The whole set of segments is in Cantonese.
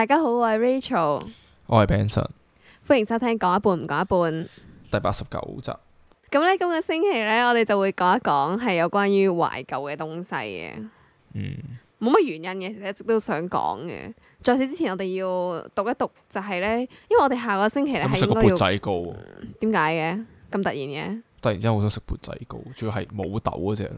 大家好，我係 Rachel，我係 Benson，歡迎收聽講一半唔講一半第八十九集。咁咧今個星期咧，我哋就會講一講係有關於懷舊嘅東西嘅，嗯，冇乜原因嘅，一直都想講嘅。在此之前，我哋要讀一讀，就係咧，因為我哋下個星期咧係、嗯、食個缽仔糕喎點解嘅？咁、嗯、突然嘅？突然之間好想食缽仔糕，主要係冇豆嗰隻囉。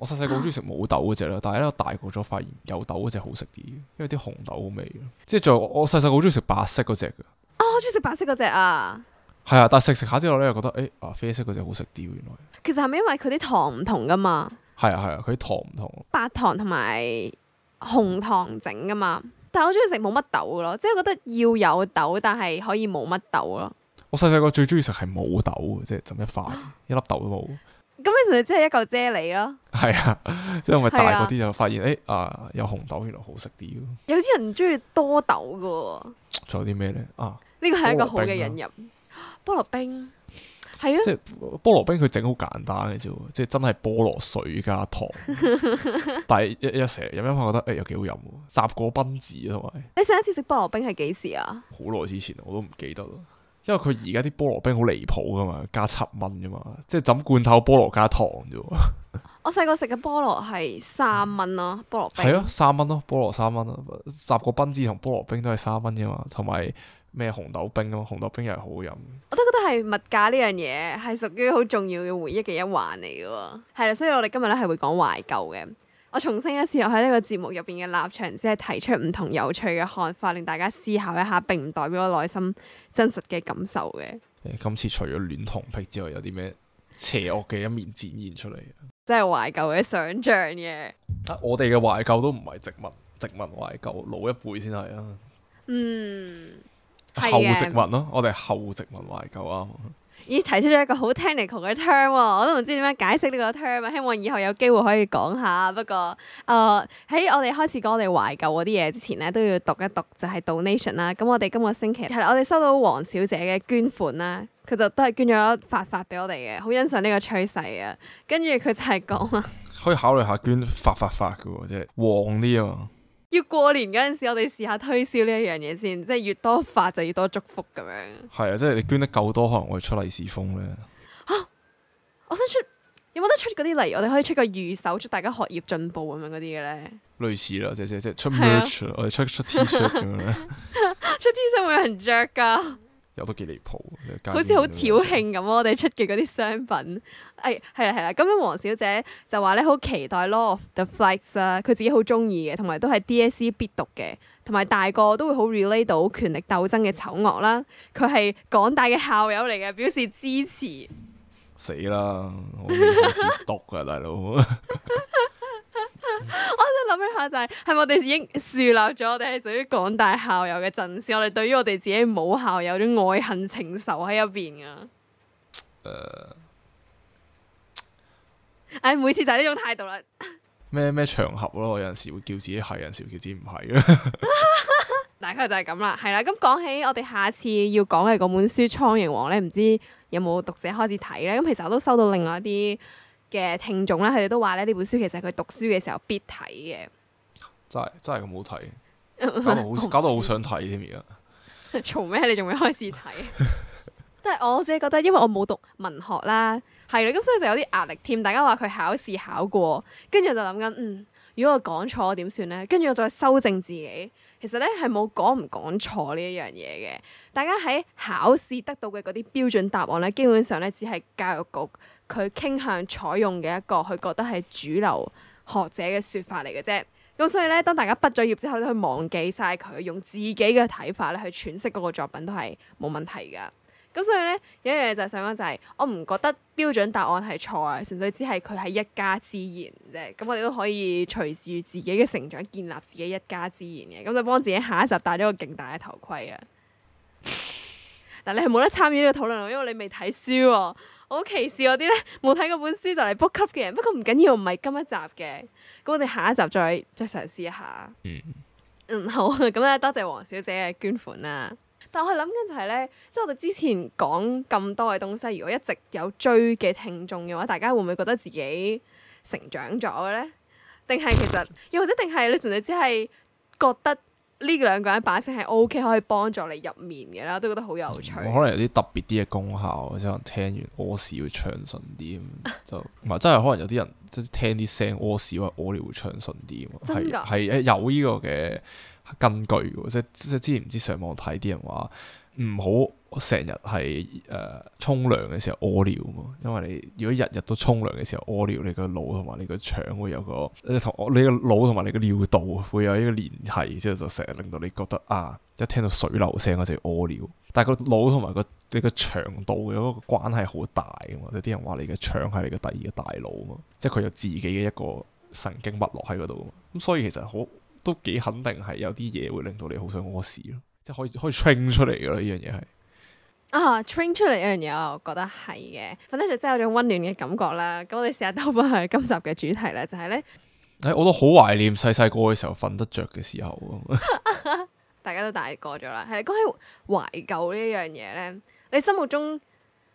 我細細個好中意食冇豆嗰隻啦，啊、但係咧我大個咗發現有豆嗰隻好食啲，因為啲紅豆好味。即係仲我細細個好中意食白色嗰隻噶。哦，我中意食白色嗰隻啊。係啊，但係食食下之後咧，又覺得誒，啊、欸、啡色嗰隻好食啲喎，原來。其實係咪因為佢啲糖唔同噶嘛？係啊係啊，佢啲、啊、糖唔同。白糖同埋紅糖整噶嘛？但係我中意食冇乜豆嘅咯，即係覺得要有豆，但係可以冇乜豆咯。我細細個最中意食係冇豆嘅，即係浸一塊，啊、一粒豆都冇。咁你食嚟即係一嚿啫喱咯，係啊，即係我咪大嗰啲就發現，誒啊、哎、啊有紅豆，原來好食啲咯。有啲人唔中意多豆噶。仲有啲咩咧？啊，呢個係一個好嘅引入，菠蘿冰係啊。蘿啊即係菠蘿冰佢整好簡單嘅啫，即係真係菠蘿水加糖， 但係一一成日飲飲下，覺得誒又、哎、幾好飲喎，雜果賓治同埋。你上一次食菠蘿冰係幾時啊？好耐之前，我都唔記得啦。因為佢而家啲菠蘿冰好離譜噶嘛，加七蚊啫嘛，即係浸罐頭菠蘿加糖啫喎。我細個食嘅菠蘿係三蚊咯，菠蘿冰係咯三蚊咯，菠蘿三蚊咯，雜果賓治同菠蘿冰都係三蚊啫嘛，同埋咩紅豆冰啊，紅豆冰又係好飲。我都覺得係物價呢樣嘢係屬於好重要嘅回憶嘅一環嚟嘅喎，係啦，所以我哋今日咧係會講懷舊嘅。我重申一次，我喺呢個節目入邊嘅立場，只係提出唔同有趣嘅看法，令大家思考一下，並唔代表我內心真實嘅感受嘅。今次除咗戀童癖之外，有啲咩邪惡嘅一面展現出嚟？即係懷舊嘅想像嘅、啊。我哋嘅懷舊都唔係殖民，殖民懷舊，老一輩先係啊。嗯。後殖民咯、啊，我哋後殖民懷舊啊。已提出咗一個好 technical 嘅 term，我都唔知點樣解釋呢個 term，希望以後有機會可以講下。不過，誒、呃、喺我哋開始講我哋懷舊嗰啲嘢之前咧，都要讀一讀就係、是、donation 啦。咁我哋今個星期係我哋收到黃小姐嘅捐款啦，佢就都係捐咗發發俾我哋嘅，好欣賞呢個趨勢啊！跟住佢就係講啊，可以考慮下捐發發發㗎喎，即係旺啲啊！要過年嗰陣時，我哋試下推銷呢一樣嘢先，即係越多發就越多祝福咁樣。係啊，即係你捐得夠多，可能會出利是封咧。我想出有冇得出嗰啲嚟？我哋可以出個御守，祝大家學業進步咁樣嗰啲嘅咧。類似啦，即係即係出 merch，、啊、我哋出 T 恤咁樣咧，出 T 恤會有人著噶。 有得幾離譜？好似好挑釁咁，我哋出嘅嗰啲商品，誒係啦係啦。咁樣黃小姐就話咧，好期待《Lord of the Flies》啊，佢自己好中意嘅，同埋都係 DSE 必讀嘅，同埋大個都會好 relate 到權力鬥爭嘅醜惡啦。佢係港大嘅校友嚟嘅，表示支持。死啦！我好似讀啊， 大佬哥。 我想度諗一下，就是，就係係我哋已經樹立咗我哋係屬於廣大校友嘅陣時，我哋對於我哋自己母校有啲愛恨情仇喺入邊啊。誒，uh, 哎，每次就係呢種態度啦。咩咩場合咯、啊，我有陣時會叫自己係，有陣時叫自己唔係嘅。大概就係咁啦。係啦，咁講起我哋下次要講嘅嗰本書《蒼蠅王》咧，唔知有冇讀者開始睇咧？咁其實我都收到另外一啲，嘅聽眾咧，佢哋都話咧，呢本書其實佢讀書嘅時候必睇嘅，真係真係咁好睇，搞到好 想睇添而家。做咩？ 你仲未開始睇？即係 我自己覺得，因為我冇讀文學啦，係啦，咁所以就有啲壓力添。大家話佢考試考過，跟住就諗緊，嗯，如果我講錯呢，點算咧？跟住我再修正自己。其實咧係冇講唔講錯呢一樣嘢嘅。大家喺考試得到嘅嗰啲標準答案咧，基本上咧只係教育局。佢傾向採用嘅一個，佢覺得係主流學者嘅說法嚟嘅啫。咁所以咧，當大家畢咗業之後都去忘記晒佢，用自己嘅睇法咧去詮釋嗰個作品都係冇問題噶。咁所以咧，有一樣嘢就係想講就係、是，我唔覺得標準答案係錯啊，純粹只係佢係一家之言啫。咁我哋都可以隨住自己嘅成長建立自己一家之言嘅。咁就幫自己下一集戴咗個勁大嘅頭盔啊！嗱， 你係冇得參與呢個討論啊，因為你未睇書喎、啊。我好歧視嗰啲咧冇睇嗰本書就嚟 book club 嘅人，不過唔緊要，唔係今一集嘅，咁我哋下一集再再嘗試一下。嗯，嗯好，咁、嗯、咧多謝黃小姐嘅捐款啦、啊。但我係諗緊就係、是、咧，即係我哋之前講咁多嘅東西，如果一直有追嘅聽眾嘅話，大家會唔會覺得自己成長咗嘅咧？定係其實，又或者定係你純粹只係覺得？呢兩個人把聲係 O K，可以幫助你入眠嘅啦，都覺得好有趣，嗯。可能有啲特別啲嘅功效，可能聽完屙屎會暢順啲， 就唔係真係可能有啲人即係聽啲聲屙屎或屙尿會暢順啲。真㗎，係係有呢個嘅。嗯。根據即係即係之前唔知，知上網睇啲人話唔好成日係誒沖涼嘅時候屙尿啊嘛，因為你如果日日都沖涼嘅時候屙尿，你個腦同埋你個腸會有個你同你個腦同埋你個尿道會有一個連係，之後就成日令到你覺得啊一聽到水流聲我就屙尿，但係個腦同埋、個你個腸道有個關係好大啊嘛，即係啲人話你嘅腸係你嘅第二個大腦啊嘛，即係佢有自己嘅一個神經脈絡喺嗰度嘛，咁、嗯、所以其實好。都幾肯定係有啲嘢會令到你好想屙屎咯，即係可以可以 train 出嚟噶咯，呢樣嘢係啊 train 出嚟一樣嘢，我覺得係嘅，瞓得着真係有種溫暖嘅感覺啦。咁我哋試下兜翻去今集嘅主題咧，就係、是、咧，誒、哎，我都好懷念細細個嘅時候瞓得着嘅時候啊！ 大家都大個咗啦，係講起懷舊呢樣嘢咧，你心目中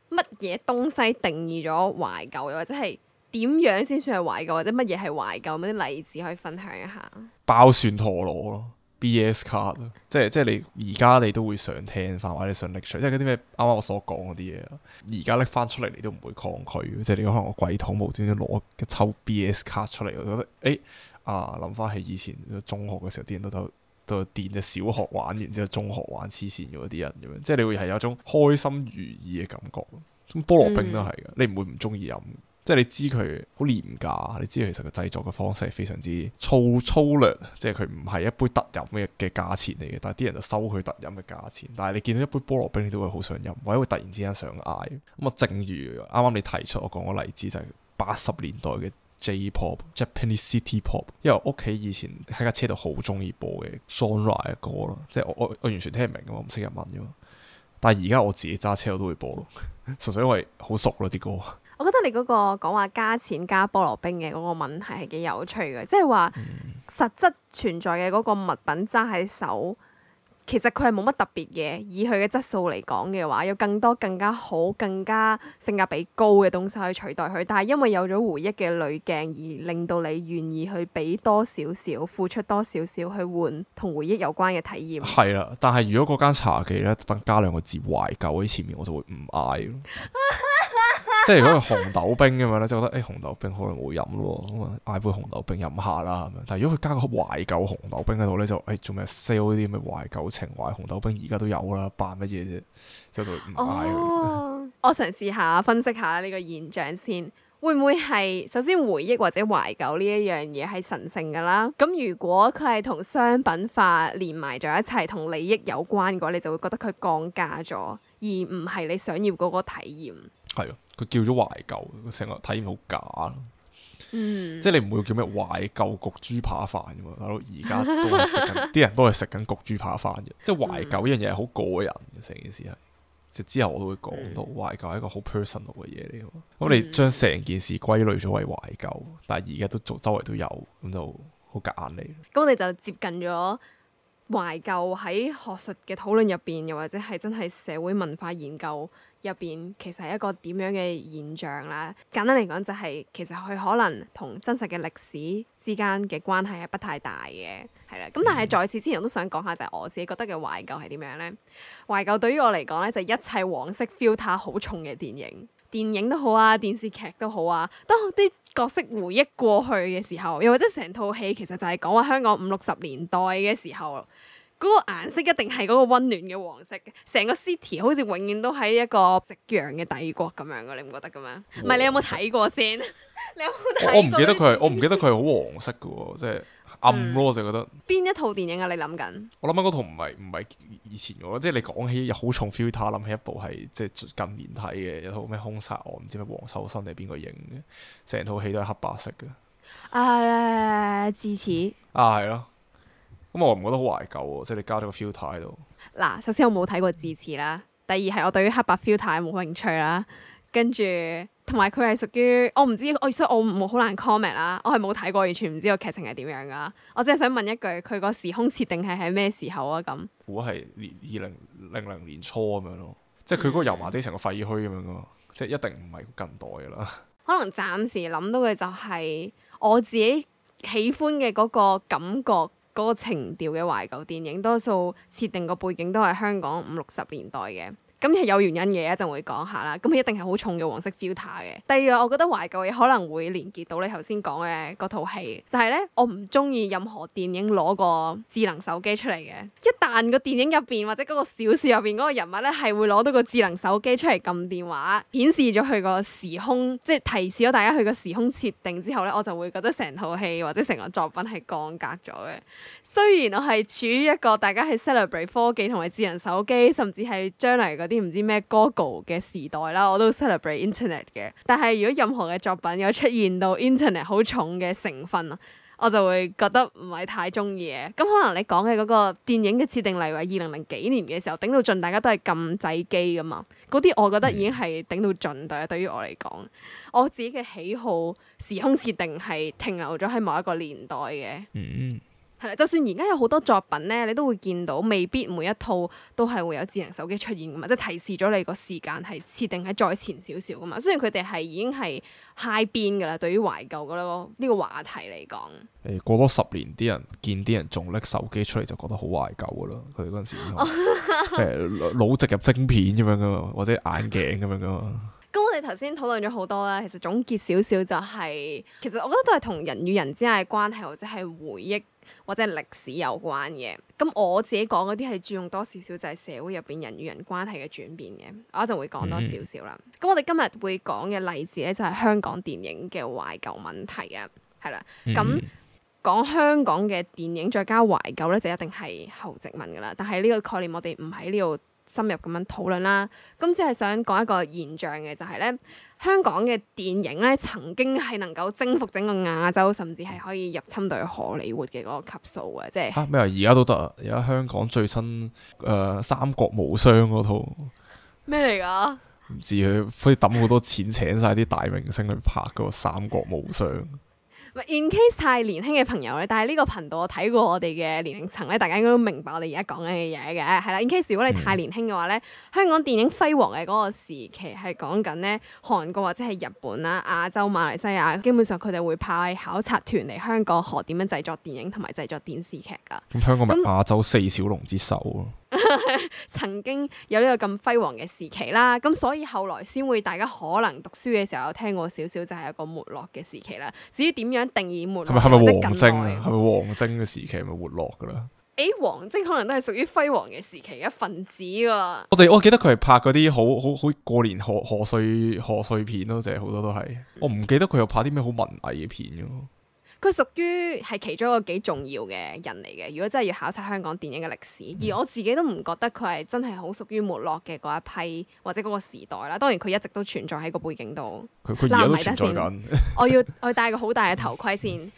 乜嘢東西定義咗懷舊，又或者係？點樣先算係懷舊，或者乜嘢係懷舊？啲例子可以分享一下。爆旋陀螺咯，B S 卡，即係即係你而家你都會想聽翻，或者想搦出嚟即係啲咩啱啱我所講嗰啲嘢。而家拎翻出嚟你都唔會抗拒，即係你可能我櫃桶無端端攞一抽 B S 卡出嚟，我覺得誒、欸、啊，諗翻起以前中學嘅時候，啲人都就電只小學玩完之後，中學玩黐線嘅嗰啲人，即係你會係有一種開心如意嘅感覺。菠蘿冰都係嘅，嗯、你唔會唔中意飲。即係你知佢好廉價，你知其實佢製作嘅方式係非常之粗粗略，即係佢唔係一杯特飲嘅嘅價錢嚟嘅，但係啲人就收佢特飲嘅價錢。但係你見到一杯菠蘿冰，你都會好想飲，或者會突然之間想嗌。咁、嗯、啊，正如啱啱你提出我講個例子就係八十年代嘅 J-pop、pop, Japanese City Pop，因為屋企以前喺架車度好中意播嘅 Sunrise 嘅歌咯，即係我我我完全聽唔明，我唔識日文嘅嘛。但係而家我自己揸車我都會播，純粹因為好熟啦啲歌。我覺得你嗰個講話加錢加菠蘿冰嘅嗰個問題係幾有趣嘅，即係話實質存在嘅嗰個物品揸喺手，其實佢係冇乜特別嘅。以佢嘅質素嚟講嘅話，有更多更加好、更加性價比高嘅東西可以去取代佢。但係因為有咗回憶嘅濾鏡，而令到你願意去俾多少少付出多少少去換同回憶有關嘅體驗。係啦，但係如果嗰間茶記咧，特登加兩個字懷舊喺前面，我就會唔嗌。 即係如果係紅豆冰咁樣咧，就覺得誒、哎、紅豆冰可能冇飲咯，咁啊嗌杯紅豆冰飲下啦。但係如果佢加個懷舊紅豆冰喺度咧，就誒做咩 sell 呢啲咁嘅懷舊情懷紅豆冰而家都有啦，扮乜嘢啫？之後就就唔嗌佢。哦、 我嘗試下分析下呢個現象先，會唔會係首先回憶或者懷舊呢一樣嘢係神聖噶啦？咁如果佢係同商品化連埋咗一齊，同利益有關嘅話，你就會覺得佢降價咗，而唔係你想要嗰個體驗。係啊，佢叫咗懷舊，成個體驗好假。嗯，即係你唔會叫咩懷舊焗豬扒飯噶嘛？大佬，而家都係食緊，啲人都係食緊焗豬扒飯嘅。即係懷舊呢樣嘢係好過癮嘅，成件事係。之後我都會講到懷舊係一個好 personal 嘅嘢嚟。咁你將成件事歸類咗為懷舊，但係而家都做周圍都有，咁就好夾硬你。咁我哋就接近咗。懷舊喺學術嘅討論入邊，又或者係真係社會文化研究入邊，其實係一個點樣嘅現象啦。簡單嚟講，就是，就係其實佢可能同真實嘅歷史之間嘅關係係不太大嘅，係啦。咁但係在此之前，我都想講下就係我自己覺得嘅懷舊係點樣咧？懷舊對於我嚟講咧，就係一切黃色 filter 好重嘅電影。電影都好啊，電視劇都好啊。當啲角色回憶過去嘅時候，又或者成套戲其實就係講話香港五六十年代嘅時候，嗰個顏色一定係嗰個温暖嘅黃色嘅。成個 city 好似永遠都喺一個夕陽嘅帝國咁樣嘅，你唔覺得嘅咩？唔係你有冇睇過先？你有冇睇？ 我唔記得佢係，我唔記得佢係好黃色㗎喎，即係。暗咯，我就覺得邊一套電影啊？你諗緊？我諗緊嗰套唔係唔係以前嘅咯，即係你講起有好重 filter，諗起一部係即係近年睇嘅一套咩兇殺案，唔知咩黃秋生定係邊個影嘅，成套戲都係黑白色嘅。誒，智齒啊，係咯，咁、嗯啊、我唔覺得好懷舊喎，即係你加咗個 filter 喺度。嗱、啊，首先我冇睇過智齒啦，第二係我對於黑白 filter 冇興趣啦。跟住，同埋佢係屬於我唔知，我唔知我所以我冇好難 comment 啦。我係冇睇過，完全唔知個劇情係點樣噶。我只係想問一句，佢個時空設定係喺咩時候啊？咁，估係二零零零年初咁樣咯。即係佢嗰個油麻地成個廢墟咁樣囉，即係一定唔係近代噶啦。可能暫時諗到嘅就係我自己喜歡嘅嗰個感覺、嗰個情調嘅懷舊電影，多數設定個背景都係香港五六十年代嘅。咁係有原因嘅，一陣會講下啦。咁一定係好重嘅黃色 filter 嘅。第二，我覺得懷舊嘢可能會連結到你頭先講嘅嗰套戲，就係咧，我唔中意任何電影攞個智能手機出嚟嘅。一旦個電影入邊或者嗰個小説入邊嗰個人物咧，係會攞到個智能手機出嚟撳電話，顯示咗佢個時空，即係提示咗大家佢個時空設定之後咧，我就會覺得成套戲或者成個作品係降格咗嘅。雖然我係處於一個大家係 celebrate 科技同埋智能手機，甚至係將嚟嗰啲唔知咩 Google 嘅時代啦，我都 celebrate internet 嘅。但係如果任何嘅作品有出現到 internet 好重嘅成分，我就會覺得唔係太中意。咁可能你講嘅嗰個電影嘅設定例如話，二零零幾年嘅時候頂到盡，大家都係撳掣機噶嘛。嗰啲我覺得已經係頂到盡，嗯、對啊。對於我嚟講，我自己嘅喜好時空設定係停留咗喺某一個年代嘅。嗯。就算而家有好多作品咧，你都會見到，未必每一套都係會有智能手機出現噶嘛，即係提示咗你個時間係設定喺再前少少噶嘛。雖然佢哋係已經係嗨 i g h 噶啦，對於懷舊嗰個呢個話題嚟講，誒過多十年啲人見啲人仲拎手機出嚟就覺得好懷舊噶啦。佢嗰陣時誒腦植入晶片咁樣噶嘛，或者眼鏡咁樣噶嘛。你頭先討論咗好多啦，其實總結少少就係、是，其實我覺得都係同人與人之間嘅關係，或者係回憶，或者係歷史有關嘅。咁我自己講嗰啲係注重多少少就係社會入邊人與人關係嘅轉變嘅，我一陣、嗯、哼會講多少少啦。咁我哋今日會講嘅例子咧就係香港電影嘅懷舊問題啊，係啦。咁講、嗯、哼香港嘅電影再加懷舊咧就一定係後殖民噶啦，但係呢個概念我哋唔喺呢度，深入咁樣討論啦，咁只係想講一個現象嘅、就是，就係呢，香港嘅電影呢，曾經係能夠征服整個亞洲，甚至係可以入侵到荷里活嘅嗰個級數嘅。即係吓咩啊？而家都得啊！而家香港最新誒、呃《三國無雙》嗰套咩嚟噶？唔知佢可以抌好多錢請晒啲大明星去拍嗰個《三國無雙》。唔係，in case 太年輕嘅朋友咧，但係呢個頻道我睇過我哋嘅年齡層咧，大家應該都明白我哋而家講緊嘅嘢嘅，係啦。in case 如果你太年輕嘅話咧，嗯、香港電影輝煌嘅嗰個時期係講緊咧韓國或者係日本啦、亞洲、馬來西亞，基本上佢哋會派考察團嚟香港學點樣製作電影同埋製作電視劇噶。咁、嗯、香港咪亞洲四小龍之首咯。 曾經有呢個咁輝煌嘅時期啦，咁所以後來先會大家可能讀書嘅時候有聽過少少，就係一個沒落嘅時期啦。至於點樣定義沒落，係咪係咪王晶啊？係咪王晶嘅時期咪沒落噶啦？誒、欸，王晶可能都係屬於輝煌嘅時期嘅一份子噶、啊。我哋我記得佢係拍嗰啲好好好，好過年賀賀歲賀歲片咯，就係好多都係。我唔記得佢又拍啲咩好文藝嘅片嘅。佢屬於係其中一個幾重要嘅人嚟嘅，如果真係要考察香港電影嘅歷史，嗯、而我自己都唔覺得佢係真係好屬於沒落嘅嗰一批或者嗰個時代啦。當然佢一直都存在喺個背景度，拉埋戴線。我要我要戴個好大嘅頭盔先。嗯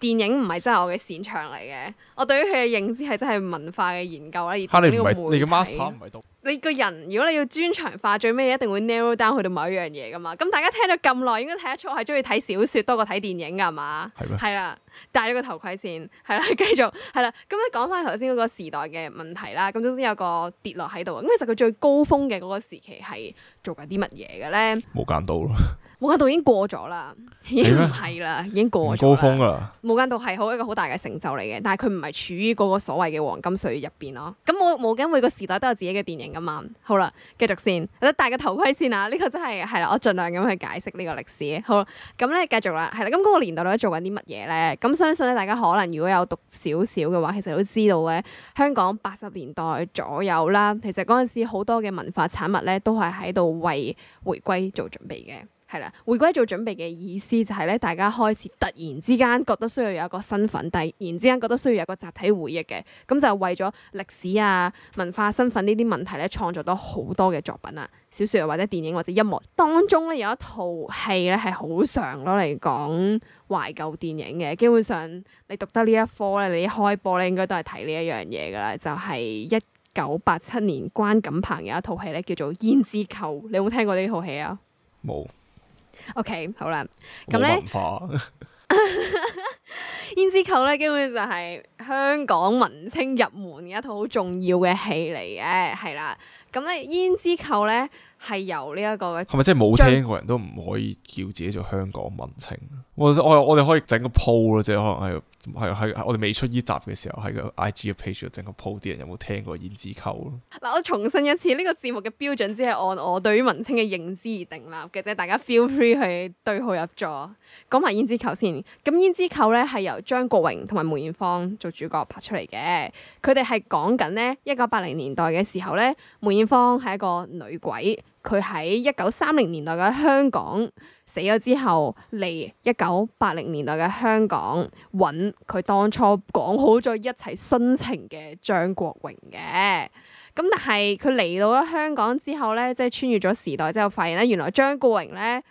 電影唔係真係我嘅擅長嚟嘅，我對於佢嘅認知係真係文化嘅研究啦，而唔係呢個媒體。你個 master 唔係讀，你，你個人如果你要專長化，最尾你一定會 narrow down 去到某一樣嘢噶嘛。咁大家聽咗咁耐，應該睇得出我係中意睇小説多過睇電影㗎嘛？係咩？係啦，戴咗個頭盔先，係啦，繼續係啦。咁咧講翻頭先嗰個時代嘅問題啦，咁總之有個跌落喺度。咁其實佢最高峰嘅嗰個時期係做緊啲乜嘢嘅咧？冇揀到咯。無間道已經過咗啦，已經唔係啦，已經過咗高峰啦，無間道係好一個好大嘅成就嚟嘅，但係佢唔係處於嗰個所謂嘅黃金歲月入邊咯。咁冇冇緊，每個時代都有自己嘅電影噶嘛。好啦，繼續先，戴個頭盔先啊！呢、這個真係係啦，我盡量咁去解釋呢個歷史。好咁咧，繼續啦，係啦。咁嗰個年代咧做緊啲乜嘢咧？咁相信咧，大家可能如果有讀少少嘅話，其實都知道咧，香港八十年代左右啦，其實嗰陣時好多嘅文化產物咧都係喺度為回歸做準備嘅。係啦，回歸做準備嘅意思就係咧，大家開始突然之間覺得需要有一個身份，突然之間覺得需要有一個集體回憶嘅，咁就為咗歷史啊、文化、身份呢啲問題咧，創作咗好多嘅作品啦，小說或者電影或者音樂當中咧，有一套戲咧係好常攞嚟講懷舊電影嘅，基本上你讀得呢一科咧，你一開波咧應該都係睇呢一樣嘢噶啦，就係一九八七年關錦鵬嘅一套戲咧，叫做《胭脂扣》，你有冇聽過呢套戲啊？冇。O、okay, K，好啦，咁咧、啊《呢 胭脂扣》咧，基本就係香港文青入門嘅一套好重要嘅戲嚟嘅，係啦。咁咧《胭脂扣呢》咧係由呢、這、一個，係咪即係冇聽過人都唔可以叫自己做香港文青？ 我我我哋可以整個鋪咯，即係可能係。係喺我哋未出呢集嘅時候，喺個 IG 嘅 page 度整個 po 啲人有冇聽過《胭脂扣》咯？嗱，我重申一次，呢個節目嘅標準只係按我對於文青嘅認知而定立嘅，即係大家 feel free 去對號入座。講埋《胭脂扣》先，咁《胭脂扣》咧係由張國榮同埋梅艷芳做主角拍出嚟嘅，佢哋係講緊咧一九八零年代嘅時候咧，梅艷芳係一個女鬼，佢喺一九三零年代嘅香港。死咗之後，嚟一九八零年代嘅香港揾佢當初講好咗一齊殉情嘅張國榮嘅。咁但係佢嚟到咗香港之後咧，即係穿越咗時代之後，發現咧原來張國榮咧。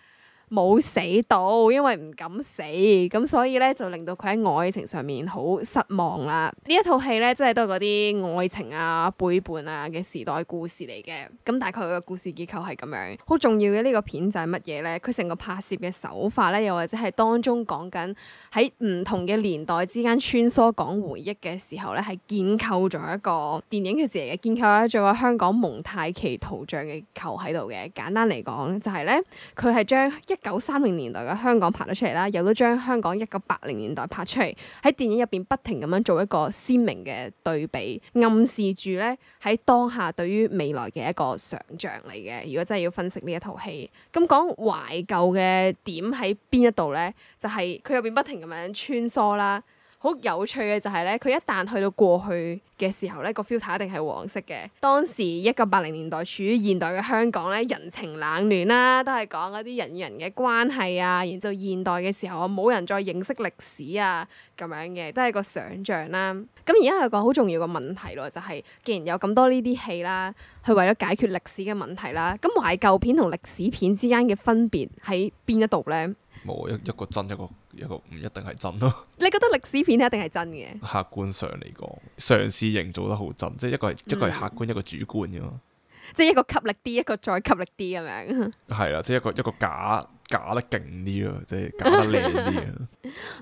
冇死到，因為唔敢死，咁所以咧就令到佢喺愛情上面好失望啦。一呢一套戲咧，真係都係嗰啲愛情啊、背叛啊嘅時代故事嚟嘅。咁大概個故事結構係咁樣，好重要嘅呢、這個片就係乜嘢咧？佢成個拍攝嘅手法咧，又或者係當中講緊，喺唔同嘅年代之間穿梭講回憶嘅時候咧，係建構咗一個電影嘅自己嘅建構咗一個香港蒙太奇圖像嘅構喺度嘅。簡單嚟講，就係、是、咧，佢係將。一九三零年代嘅香港拍咗出嚟啦，又都將香港一九八零年代拍出嚟，喺電影入邊不停咁樣做一個鮮明嘅對比，暗示住咧，喺當下對於未來嘅一個想象嚟嘅。如果真係要分析呢一套戲，咁講懷舊嘅點喺邊一度咧，就係佢入邊不停咁樣穿梭啦。好有趣嘅就係咧，佢一旦去到過去嘅時候咧，個 filter 一定係黃色嘅。當時一九八零年代，處於現代嘅香港咧，人情冷暖啦、啊，都係講嗰啲人與人嘅關係啊。然之後現代嘅時候，冇人再認識歷史啊，咁樣嘅都係個想像啦、啊。咁而家有個好重要嘅問題咯，就是，就係既然有咁多呢啲戲啦，係為咗解決歷史嘅問題啦，咁懷舊片同歷史片之間嘅分別喺邊一度咧？冇一一個真一個一個唔一定係真咯。你覺得歷史片一定係真嘅？客觀上嚟講，嘗試營造得好真，即係一個係一個係客觀，嗯、一個主觀嘅嘛。即係一個吸力啲，一個再吸力啲咁樣。係 啦，即係一個一個假。假得勁啲咯，即係假得靚啲啊！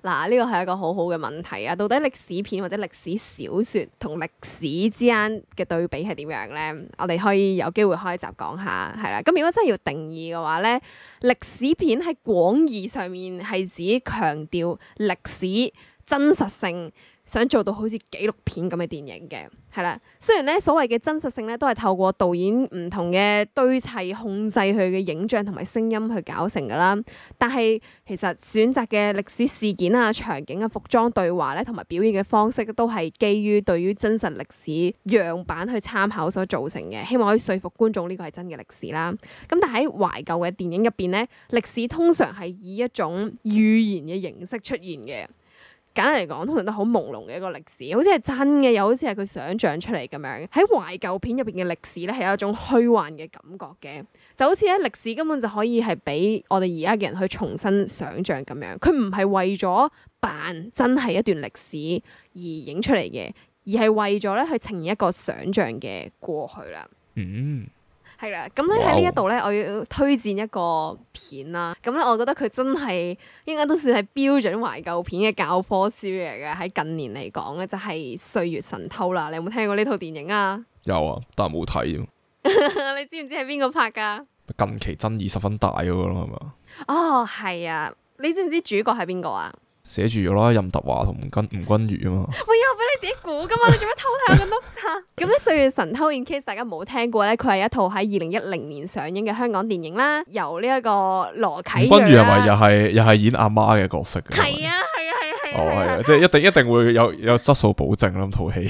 嗱，呢個係一個好好嘅問題啊！到底歷史片或者歷史小說同歷史之間嘅對比係點樣咧？我哋可以有機會開集講下，係啦。咁如果真係要定義嘅話咧，歷史片喺廣義上面係指強調歷史真實性。想做到好似紀錄片咁嘅電影嘅，係啦。雖然咧所謂嘅真實性咧，都係透過導演唔同嘅堆砌、控制佢嘅影像同埋聲音去搞成㗎啦。但係其實選擇嘅歷史事件啊、場景啊、服裝、對話咧，同埋表演嘅方式都係基於對於真實歷史樣板去參考所造成嘅。希望可以說服觀眾呢個係真嘅歷史啦。咁但係喺懷舊嘅電影入邊咧，歷史通常係以一種語言嘅形式出現嘅。簡單嚟講，通常都好朦朧嘅一個歷史，好似係真嘅，又好似係佢想象出嚟咁樣。喺懷舊片入邊嘅歷史咧，係有一種虛幻嘅感覺嘅，就好似咧歷史根本就可以係俾我哋而家嘅人去重新想象咁樣。佢唔係為咗扮真係一段歷史而影出嚟嘅，而係為咗咧去呈現一個想象嘅過去啦。嗯。係啦，咁咧喺呢一度咧，我要推薦一個片啦。咁咧、哦，我覺得佢真係應該都算係標準懷舊片嘅教科書嚟嘅。喺近年嚟講咧，就係《歲月神偷》啦。你有冇聽過呢套電影啊？有啊，但係冇睇。 你知唔知係邊個拍噶？近期爭議十分大㗎咯，係嘛？哦，係啊！你知唔知主角係邊個啊？寫住咗啦，任達華同吳君吳君如啊嘛，喂，我俾你自己估噶嘛，你做咩偷睇我嘅 note？咁《歲月神偷》in case 大家冇聽過咧，佢係一套喺二零一零年上映嘅香港電影啦，由呢一個羅啟銳，吳君如係咪又係又係演阿媽嘅角色？係啊係啊係係，即係一定一定會有有質素保證啦，套戲。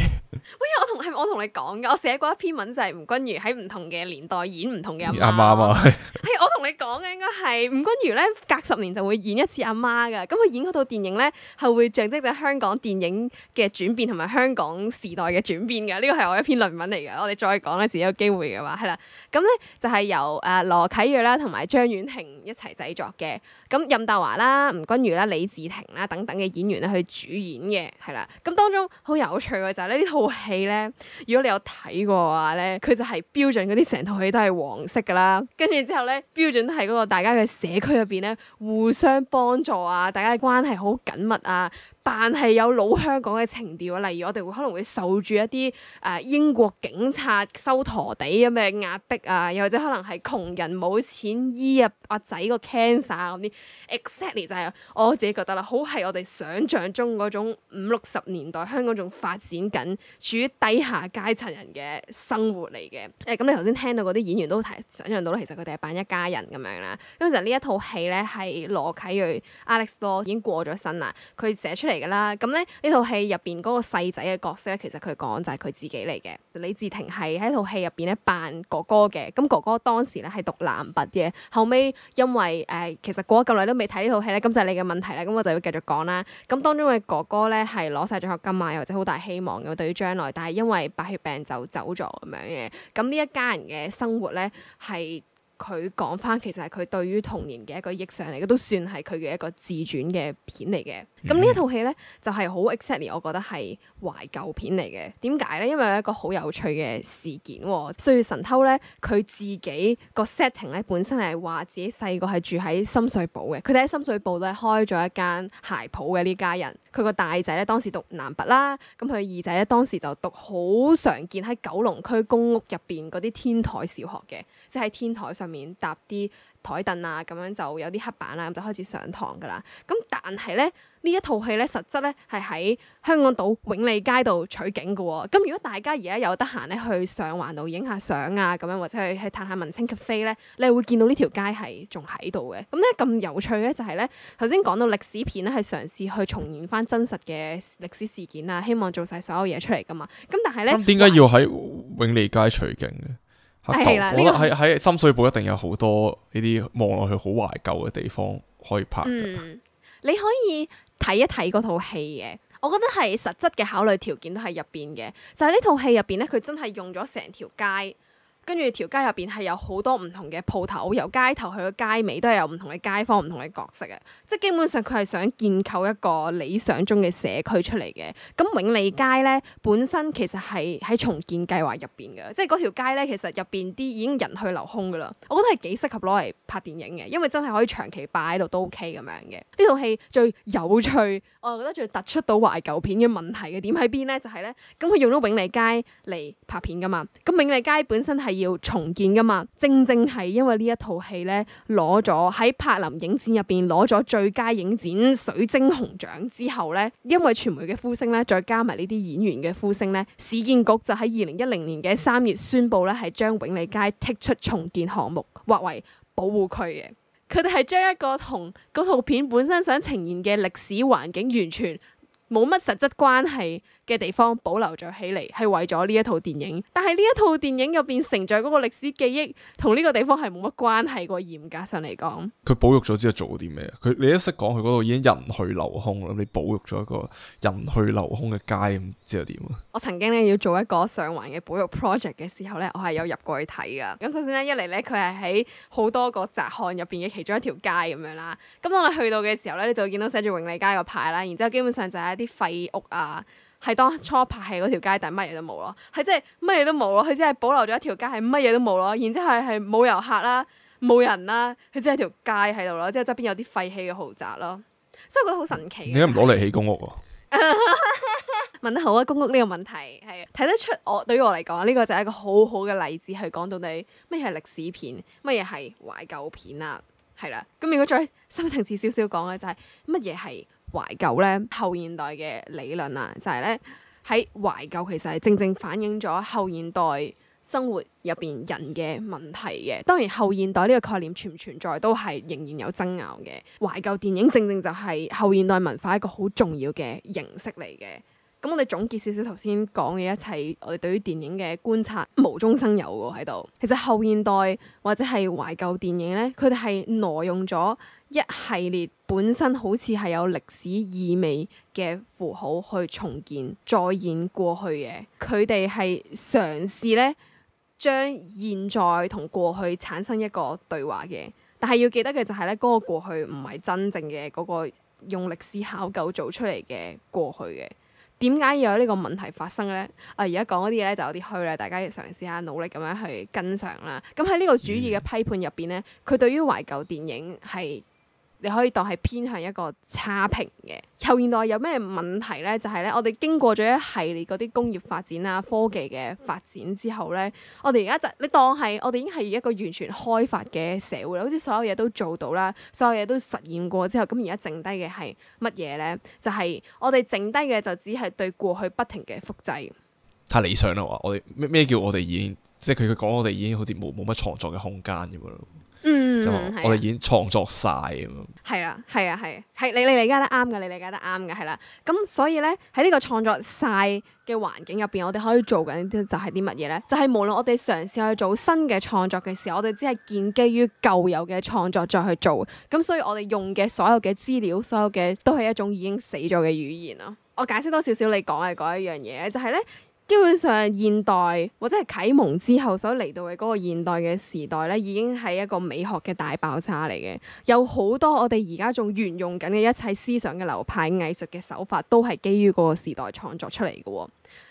我同你講㗎，我寫過一篇文就係吳君如喺唔同嘅年代演唔同嘅阿媽。係、嗯嗯嗯哎、我同你講㗎，應該係吳君如咧，隔十年就會演一次阿媽㗎。咁佢演嗰套電影咧，係會象徵咗香港電影嘅轉變同埋香港時代嘅轉變㗎。呢個係我一篇論文嚟㗎。我哋再講咧，遲啲有機會嘅話係啦。咁咧、嗯、就係、是、由誒羅啟銳啦同埋張婉婷一齊製作嘅。咁、嗯、任達華啦、吳君如啦、李治廷啦等等嘅演員咧去主演嘅係啦。咁、嗯、當中好有趣嘅就係咧呢套戲咧。如果你有睇過嘅話咧，佢就係標準嗰啲成套戲都係黃色㗎啦，跟住之後咧，標準都係嗰個大家嘅社區入邊咧，互相幫助啊，大家嘅關係好緊密啊。但係有老香港嘅情調啊，例如我哋會可能會受住一啲誒、呃、英國警察收陀地咁嘅壓迫啊，又或者可能係窮人冇錢醫啊阿仔個 cancer 咁啲。啊、exactly, exactly 就係我自己覺得啦，好係我哋想象中嗰種五六十年代香港仲發展緊處於低下階層人嘅生活嚟嘅。誒、欸、咁你頭先聽到啲演員都睇想象到啦，其實佢哋係扮一家人咁樣啦。因為其實呢一套戲咧係羅啟銳 Alex Law 已經過咗身啦，佢寫出嚟。嚟噶啦，咁咧呢套戲入邊嗰個細仔嘅角色咧，其實佢講就係佢自己嚟嘅。李治廷係喺套戲入邊咧扮哥哥嘅，咁哥哥當時咧係讀男拔嘅，後尾因為誒、呃，其實過咗咁耐都未睇呢套戲咧，咁就係你嘅問題啦。咁我就要繼續講啦。咁當中嘅哥哥咧係攞晒獎學金啊，又或者好大希望嘅對於將來，但係因為白血病就走咗咁樣嘅。咁呢一家人嘅生活咧係。佢講返其實係佢對於童年嘅一個憶想嚟嘅，都算係佢嘅一個自傳嘅片嚟嘅。咁、mm hmm. 呢一套戲咧就係、是、好 exactly 我覺得係懷舊片嚟嘅。點解咧？因為有一個好有趣嘅事件、哦。歲月神偷咧佢自己個 setting 咧本身係話自己細個係住喺深水埗嘅，佢哋喺深水埗都係開咗一間鞋鋪嘅呢家人。佢個大仔咧當時讀南拔啦，咁佢二仔咧當時就讀好常見喺九龍區公屋入邊嗰啲天台小學嘅，即、就、係、是、天台上面搭啲台凳啊，咁樣就有啲黑板啦、啊，咁就開始上堂噶啦。咁但係咧，呢一套戲咧，實質咧係喺香港島永利街度取景噶、哦。咁如果大家而家有得閒咧，去上環路影下相啊，咁樣或者去去探下文青咖啡咧，你係會見到呢條街係仲喺度嘅。咁咧咁有趣咧，就係、是、咧，頭先講到歷史片咧，係嘗試去重現翻真實嘅歷史事件啊，希望做晒所有嘢出嚟噶嘛。咁但係咧，咁點解要喺永利街取景嘅？係啦，我覺得喺深水埗一定有好多呢啲望落去好懷舊嘅地方可以拍，嗯，你可以睇一睇嗰套戲嘅，我覺得係實質嘅考慮條件都喺入邊嘅，就係呢套戲入邊咧，佢真係用咗成條街。跟住條街入邊係有好多唔同嘅鋪頭，由街頭去到街尾都係有唔同嘅街坊、唔同嘅角色嘅，即係基本上佢係想建構一個理想中嘅社區出嚟嘅。咁永利街咧本身其實係喺重建計劃入邊嘅，即係嗰條街咧其實入邊啲已經人去樓空噶啦。我覺得係幾適合攞嚟拍電影嘅，因為真係可以長期擺喺度都 OK 咁樣嘅。呢套戲最有趣，我覺得最突出到懷舊片嘅問題嘅點喺邊咧？就係咧，咁佢用咗永利街嚟拍片噶嘛，咁永利街本身係，要重建噶嘛？正正係因為呢一套戲咧，攞咗喺柏林影展入邊攞咗最佳影展水晶熊獎之後咧，因為傳媒嘅呼聲咧，再加埋呢啲演員嘅呼聲咧，市建局就喺二零一零年嘅三月宣佈咧，係將永利街剔出重建項目，劃為保護區嘅。佢哋係將一個同嗰套片本身想呈現嘅歷史環境完全。冇乜實質關係嘅地方保留咗起嚟，係為咗呢一套電影。但係呢一套電影入邊承載嗰個歷史記憶，同呢個地方係冇乜關係個。嚴格上嚟講，佢保育咗之後做啲咩？佢你一識講，佢嗰度已經人去樓空啦。你保育咗一個人去樓空嘅街，咁之後點啊？我曾經咧要做一個上環嘅保育 project 嘅時候咧，我係有入過去睇㗎。咁首先咧，一嚟咧佢係喺好多個窄巷入邊嘅其中一條街咁樣啦。咁當我去到嘅時候咧，你就見到寫住永利街個牌啦。然之後基本上就係、是啲廢屋啊，係當初拍戲嗰條街，但係乜嘢都冇咯，係真係乜嘢都冇咯，佢只係保留咗一條街，係乜嘢都冇咯，然之後係冇遊客啦，冇人啦，佢只係條街喺度咯，即係側邊有啲廢棄嘅豪宅咯，所以我覺得好神奇。你而家唔攞嚟起公屋啊？ 問得好啊，公屋呢個問題係睇得出我對於我嚟講呢個就係一個好好嘅例子，係講到底乜嘢係歷史片，乜嘢係懷舊片啊？係啦，咁如果再深層次少少講咧，就係乜嘢係？懷舊咧，後現代嘅理論啊，就係咧，喺懷舊其實係正正反映咗後現代生活入邊人嘅問題嘅。當然，後現代呢個概念存唔存在都係仍然有爭拗嘅。懷舊電影正正就係後現代文化一個好重要嘅形式嚟嘅。咁我哋總結少少頭先講嘅一切，我哋對於電影嘅觀察無中生有喎喺度。其實後現代或者係懷舊電影咧，佢哋係挪用咗一系列本身好似係有歷史意味嘅符號去重建、再現過去嘅。佢哋係嘗試咧將現在同過去產生一個對話嘅，但係要記得嘅就係咧，嗰個過去唔係真正嘅嗰個用歷史考究做出嚟嘅過去嘅。點解要有呢個問題發生咧？啊，而家講嗰啲嘢咧就有啲虛啦，大家要嘗試下努力咁樣去跟上啦。咁喺呢個主義嘅批判入邊咧，佢對於懷舊電影係。你可以當係偏向一個差評嘅。後現代有咩問題咧？就係咧，我哋經過咗一系列嗰啲工業發展啊、科技嘅發展之後咧，我哋而家就你當係我哋已經係一個完全開發嘅社會啦，好似所有嘢都做到啦，所有嘢都實現過之後，咁而家剩低嘅係乜嘢咧？就係、是、我哋剩低嘅就只係對過去不停嘅複製。太理想啦喎！我哋咩咩叫我哋已經即係佢佢講我哋已經好似冇冇乜創作嘅空間咁樣咯。嗯，啊、我哋已經創作晒，咁樣。係啊，係啊，係，係你你理解得啱㗎，你理解得啱㗎，係啦。咁、啊、所以咧，喺呢個創作晒嘅環境入邊，我哋可以做緊啲就係啲乜嘢咧？就係、是、無論我哋嘗試去做新嘅創作嘅時候，我哋只係建基於舊有嘅創作再去做。咁所以我哋用嘅所有嘅資料，所有嘅都係一種已經死咗嘅語言咯。我解釋多少少你講嘅嗰一樣嘢，就係、是、咧。基本上現代或者係啟蒙之後所嚟到嘅嗰個現代嘅時代咧，已經係一個美學嘅大爆炸嚟嘅，有好多我哋而家仲沿用緊嘅一切思想嘅流派、藝術嘅手法，都係基於嗰個時代創作出嚟嘅喎。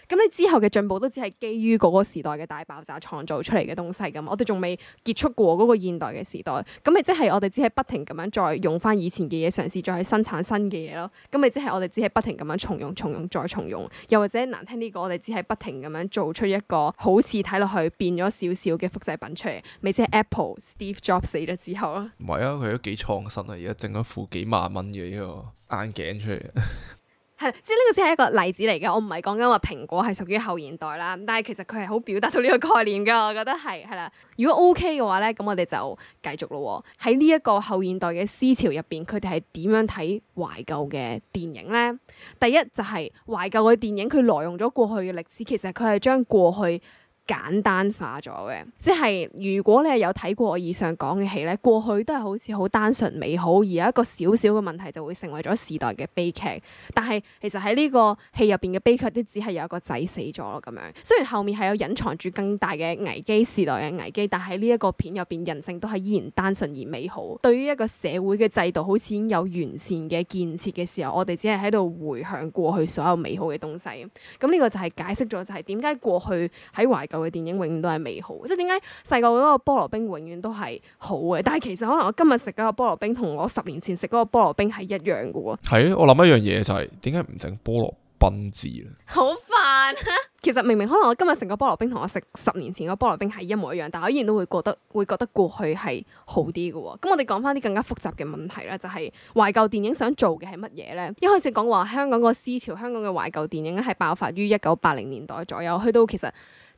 咁你之後嘅進步都只係基於嗰個時代嘅大爆炸創造出嚟嘅東西噶嘛。我哋仲未結束過嗰個現代嘅時代，咁咪即係我哋只係不停咁樣再用翻以前嘅嘢，嘗試再去生產新嘅嘢咯。咁咪即係我哋只係不停咁樣重用、重用再重用，又或者難聽啲講，我哋只係不停咁樣做出一個好似睇落去變咗少少嘅複製品出嚟。咪即係 Apple Steve Jobs 死咗之後啦，唔係啊，佢都幾創新啊，而家整咗副幾萬蚊嘅呢個眼鏡出嚟。 係，即係呢個只係一個例子嚟嘅，我唔係講緊話蘋果係屬於後現代啦，但係其實佢係好表達到呢個概念嘅，我覺得係係啦。如果 OK 嘅話咧，咁我哋就繼續咯喎。喺呢一個後現代嘅思潮入邊，佢哋係點樣睇懷舊嘅電影咧？第一就係、是、懷舊嘅電影，佢挪用咗過去嘅歷史，其實佢係將過去。簡單化咗嘅，即係如果你係有睇過我以上講嘅戲咧，過去都係好似好單純美好，而有一個小小嘅問題就會成為咗時代嘅悲劇。但係其實喺呢個戲入邊嘅悲劇，都只係有一個仔死咗咯咁樣。雖然後面係有隱藏住更大嘅危機，時代嘅危機，但係呢一個片入邊，人性都係依然單純而美好。對於一個社會嘅制度，好似已經有完善嘅建設嘅時候，我哋只係喺度回向過去所有美好嘅東西。咁呢個就係解釋咗，就係點解過去喺懷嘅電影永遠都係美好，即係點解細個嗰個菠蘿冰永遠都係好嘅？但係其實可能我今日食嗰個菠蘿冰同我十年前食嗰個菠蘿冰係一樣嘅喎。係啊，我諗一樣嘢就係點解唔整菠蘿賓治啊？好煩啊！其實明明可能我今日食個菠蘿冰同我食十年前個菠蘿冰係一模一樣，但我依然都會覺得會覺得過去係好啲嘅喎。咁我哋講翻啲更加複雜嘅問題啦，就係、是、懷舊電影想做嘅係乜嘢咧？一開始講話香港個思潮，香港嘅懷舊電影係爆發於一九八零年代左右，去到其實。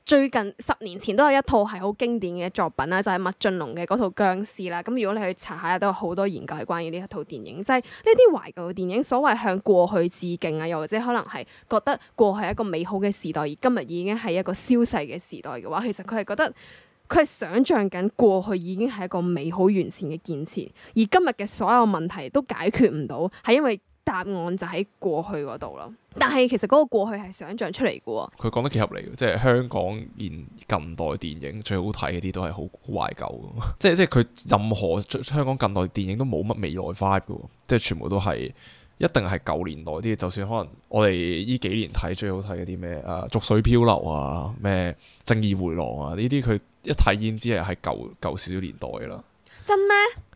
最近十年前都有一套係好經典嘅作品啦，就係麥浚龍嘅嗰套《僵屍》啦。咁如果你去查下，都有好多研究係關於呢一套電影。即係呢啲懷舊電影，所謂向過去致敬啊，又或者可能係覺得過去一個美好嘅時代，而今日已經係一個消逝嘅時代嘅話，其實，佢係覺得佢係想象緊過去已經係一個美好完善嘅建設，而今日嘅所有問題都解決唔到，係因為。答案就喺過去嗰度咯，但係其實嗰個過去係想像出嚟嘅喎。佢講得幾合理㗎，即係香港現近代電影最好睇嗰啲都係好好懷舊，即係即係佢任何香港近代電影都冇乜未來 vibe，即係全部都係一定係舊年代啲。就算可能我哋依幾年睇最好睇嘅啲咩啊，濁水漂流啊，咩正義回廊啊，呢啲佢一睇已經知係係舊舊少少年代啦。真咩？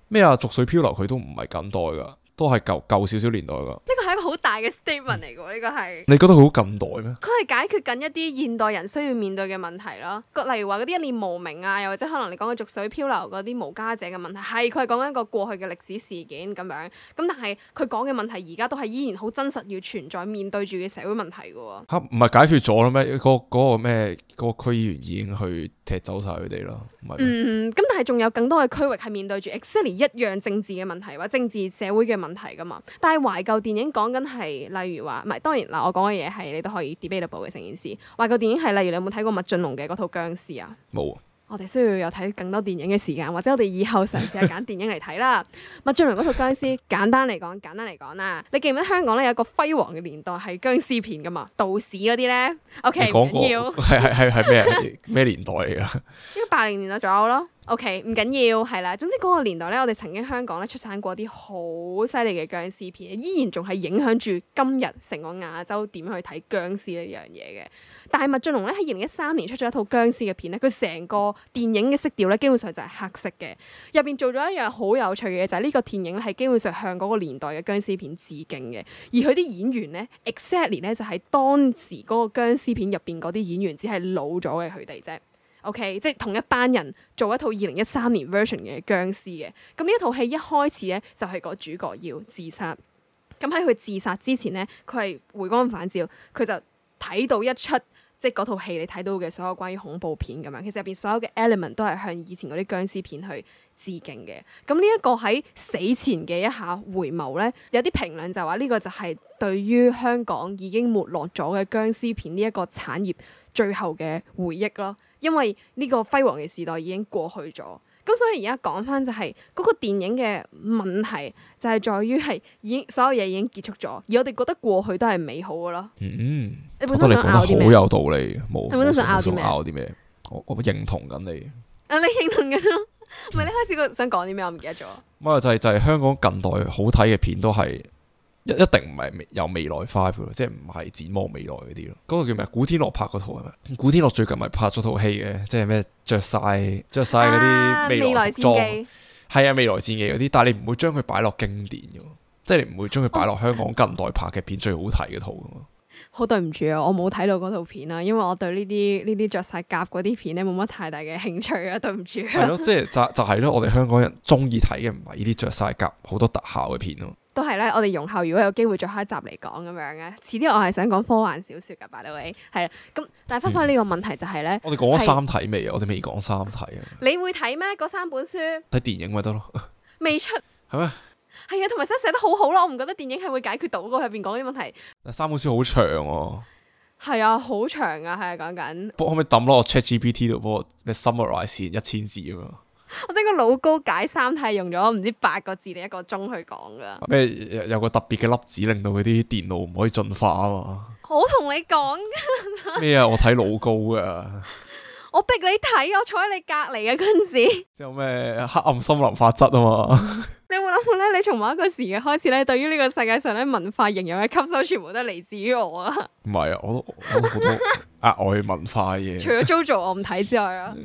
咩啊？濁水漂流佢都唔係近代㗎。都係舊舊少少年代噶，呢個係一個好大嘅 statement 嚟嘅喎，呢、嗯、個係你覺得好近代咩？佢係解決緊一啲現代人需要面對嘅問題啦，例如話嗰啲一念無明啊，又或者可能你講嘅濁水漂流嗰啲無家者嘅問題，係佢係講緊一個過去嘅歷史事件咁樣。咁但係佢講嘅問題而家都係依然好真實要存在面對住嘅社會問題嘅喎。唔係解決咗啦咩？嗰、嗰個咩嗰、嗰個嗰個區議員已經去踢走晒佢哋咯。唔係。嗯咁但係仲有更多嘅區域係面對住 exactly 一樣政治嘅問題或者政治社會嘅問題。題噶嘛？但係懷舊電影講緊係，例如話，唔係，當然嗱，我講嘅嘢係你都可以 debatable 嘅成件事。懷舊電影係例如你有冇睇過麥浚龍嘅嗰套僵屍啊？冇。我哋需要有睇更多電影嘅時間，或者我哋以後嘗試去揀電影嚟睇啦。麥浚龍嗰套僵屍，簡單嚟講，簡單嚟講啦，你記唔記得香港咧有一個輝煌嘅年代係僵屍片噶嘛？道士嗰啲咧，OK 唔緊要，係係係係咩咩年代嚟噶？應該八零年代左右咯。O.K. 唔緊要，係啦。總之嗰個年代咧，我哋曾經香港咧出產過啲好犀利嘅僵屍片，依然仲係影響住今日成個亞洲點去睇僵屍呢樣嘢嘅。但係麥浚龍咧喺二零一三年出咗一套僵屍嘅片咧，佢成個電影嘅色調咧基本上就係黑色嘅。入邊做咗一樣好有趣嘅嘢，就係呢個電影咧係基本上向嗰個年代嘅僵屍片致敬嘅。而佢啲演員咧，exactly 咧就係當時嗰個殭屍片入邊嗰啲演員，只係老咗嘅佢哋啫。O.K.，即係同一班人做一套二零一三年 version 嘅僵屍嘅。咁呢一套戲一開始咧，就係個主角要自殺。咁喺佢自殺之前咧，佢係回光返照，佢就睇到一齣即係嗰套戲你睇到嘅所有關於恐怖片咁樣。其實入邊所有嘅 element 都係向以前嗰啲僵屍片去致敬嘅。咁呢一個喺死前嘅一下回眸咧，有啲評論就話呢個就係對於香港已經沒落咗嘅僵屍片呢一個產業最後嘅回憶咯。因為呢個輝煌嘅時代已經過去咗，咁所以而家講翻就係嗰個電影嘅問題就係在於係已經所有嘢已經結束咗，而我哋覺得過去都係美好嘅咯。嗯，你本身講得好有道理，冇。你本身想拗啲咩？拗啲咩？我我認同緊你。啊，你認同緊？唔係，你開始個想講啲咩？我唔記得咗。唔係，就係，就係，香港近代好睇嘅片都係。一一定唔係有未來 five 即係唔係展望未來嗰啲咯。嗰個叫咩？古天樂拍嗰套係咪？古天樂最近咪拍咗套戲嘅，即係咩？着晒，着晒嗰啲未來戰記，係啊，未來戰記嗰啲。但係你唔會將佢擺落經典嘅，哦、即係你唔會將佢擺落香港近代拍嘅片最好睇嘅套。哦好對唔住啊，我冇睇到嗰套片啊，因為我對呢啲呢啲着晒甲嗰啲片咧冇乜太大嘅興趣啊，對唔住。係咯，即係就是、就係咯，我哋香港人中意睇嘅唔係呢啲着晒甲，好多特效嘅片咯。都係咧，我哋容後如果有機會再開一集嚟講咁樣嘅，遲啲我係想講科幻小說噶，by the way，係啦，咁但係翻返呢個問題就係、是、咧、嗯是，我哋講咗三體未啊？我哋未講三體啊？你會睇咩？嗰三本書睇電影咪得咯？ 未出係咩？係啊，同埋真寫得好好咯，我唔覺得電影係會解決到嗰入邊講啲問題。嗱，三本書好長哦，係啊，好長啊，係講緊。可唔可以抌落我 ChatGPT 度幫我咩 summarise 一千字啊嘛。我聽個老高解三體用咗唔知八個字定一個鐘去講噶。咩有有個特別嘅粒子令到佢啲電腦唔可以進化啊嘛？我同你講咩啊？我睇老高噶， 我逼你睇，我坐喺你隔籬嘅嗰陣時。有咩黑暗森林法則啊嘛？ 你有冇諗過咧？你從某一個時間開始咧，對於呢個世界上咧文化營養嘅吸收全，全部都係嚟自於我啊！唔係啊，我好多額外文化嘢， 除咗 Jojo 我唔睇之外啊。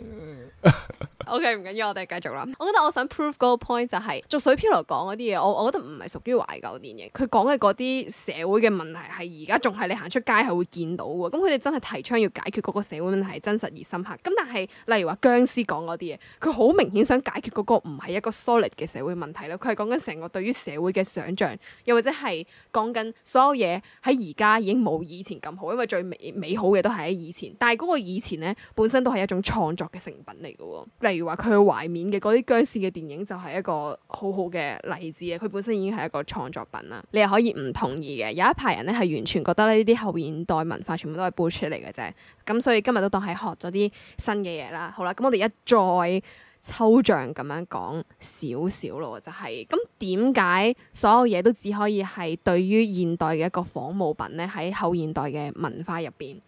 O.K. 唔緊要，我哋繼續啦。我覺得我想 prove 嗰個 point 就係、是，濁水漂流講嗰啲嘢，我我覺得唔係屬於懷舊電影。佢講嘅嗰啲社會嘅問題，係而家仲係你行出街係會見到嘅。咁佢哋真係提倡要解決嗰個社會問題，真實而深刻。咁但係，例如話僵屍講嗰啲嘢，佢好明顯想解決嗰個唔係一個 solid 嘅社會問題咯。佢係講緊成個對於社會嘅想象，又或者係講緊所有嘢喺而家已經冇以前咁好，因為最美美好嘅都係喺以前。但係嗰個以前咧，本身都係一種創作嘅成品嚟嘅喎，例如。譬如話佢懷緬嘅嗰啲僵屍嘅電影就係一個好好嘅例子啊！佢本身已經係一個創作品啦，你係可以唔同意嘅。有一排人咧係完全覺得呢啲後現代文化全部都係煲出嚟嘅啫。咁所以今日都當係學咗啲新嘅嘢啦。好啦，咁我哋一再抽象咁樣講少少咯，就係咁點解所有嘢都只可以係對於現代嘅一個仿冒品咧？喺後現代嘅文化入邊，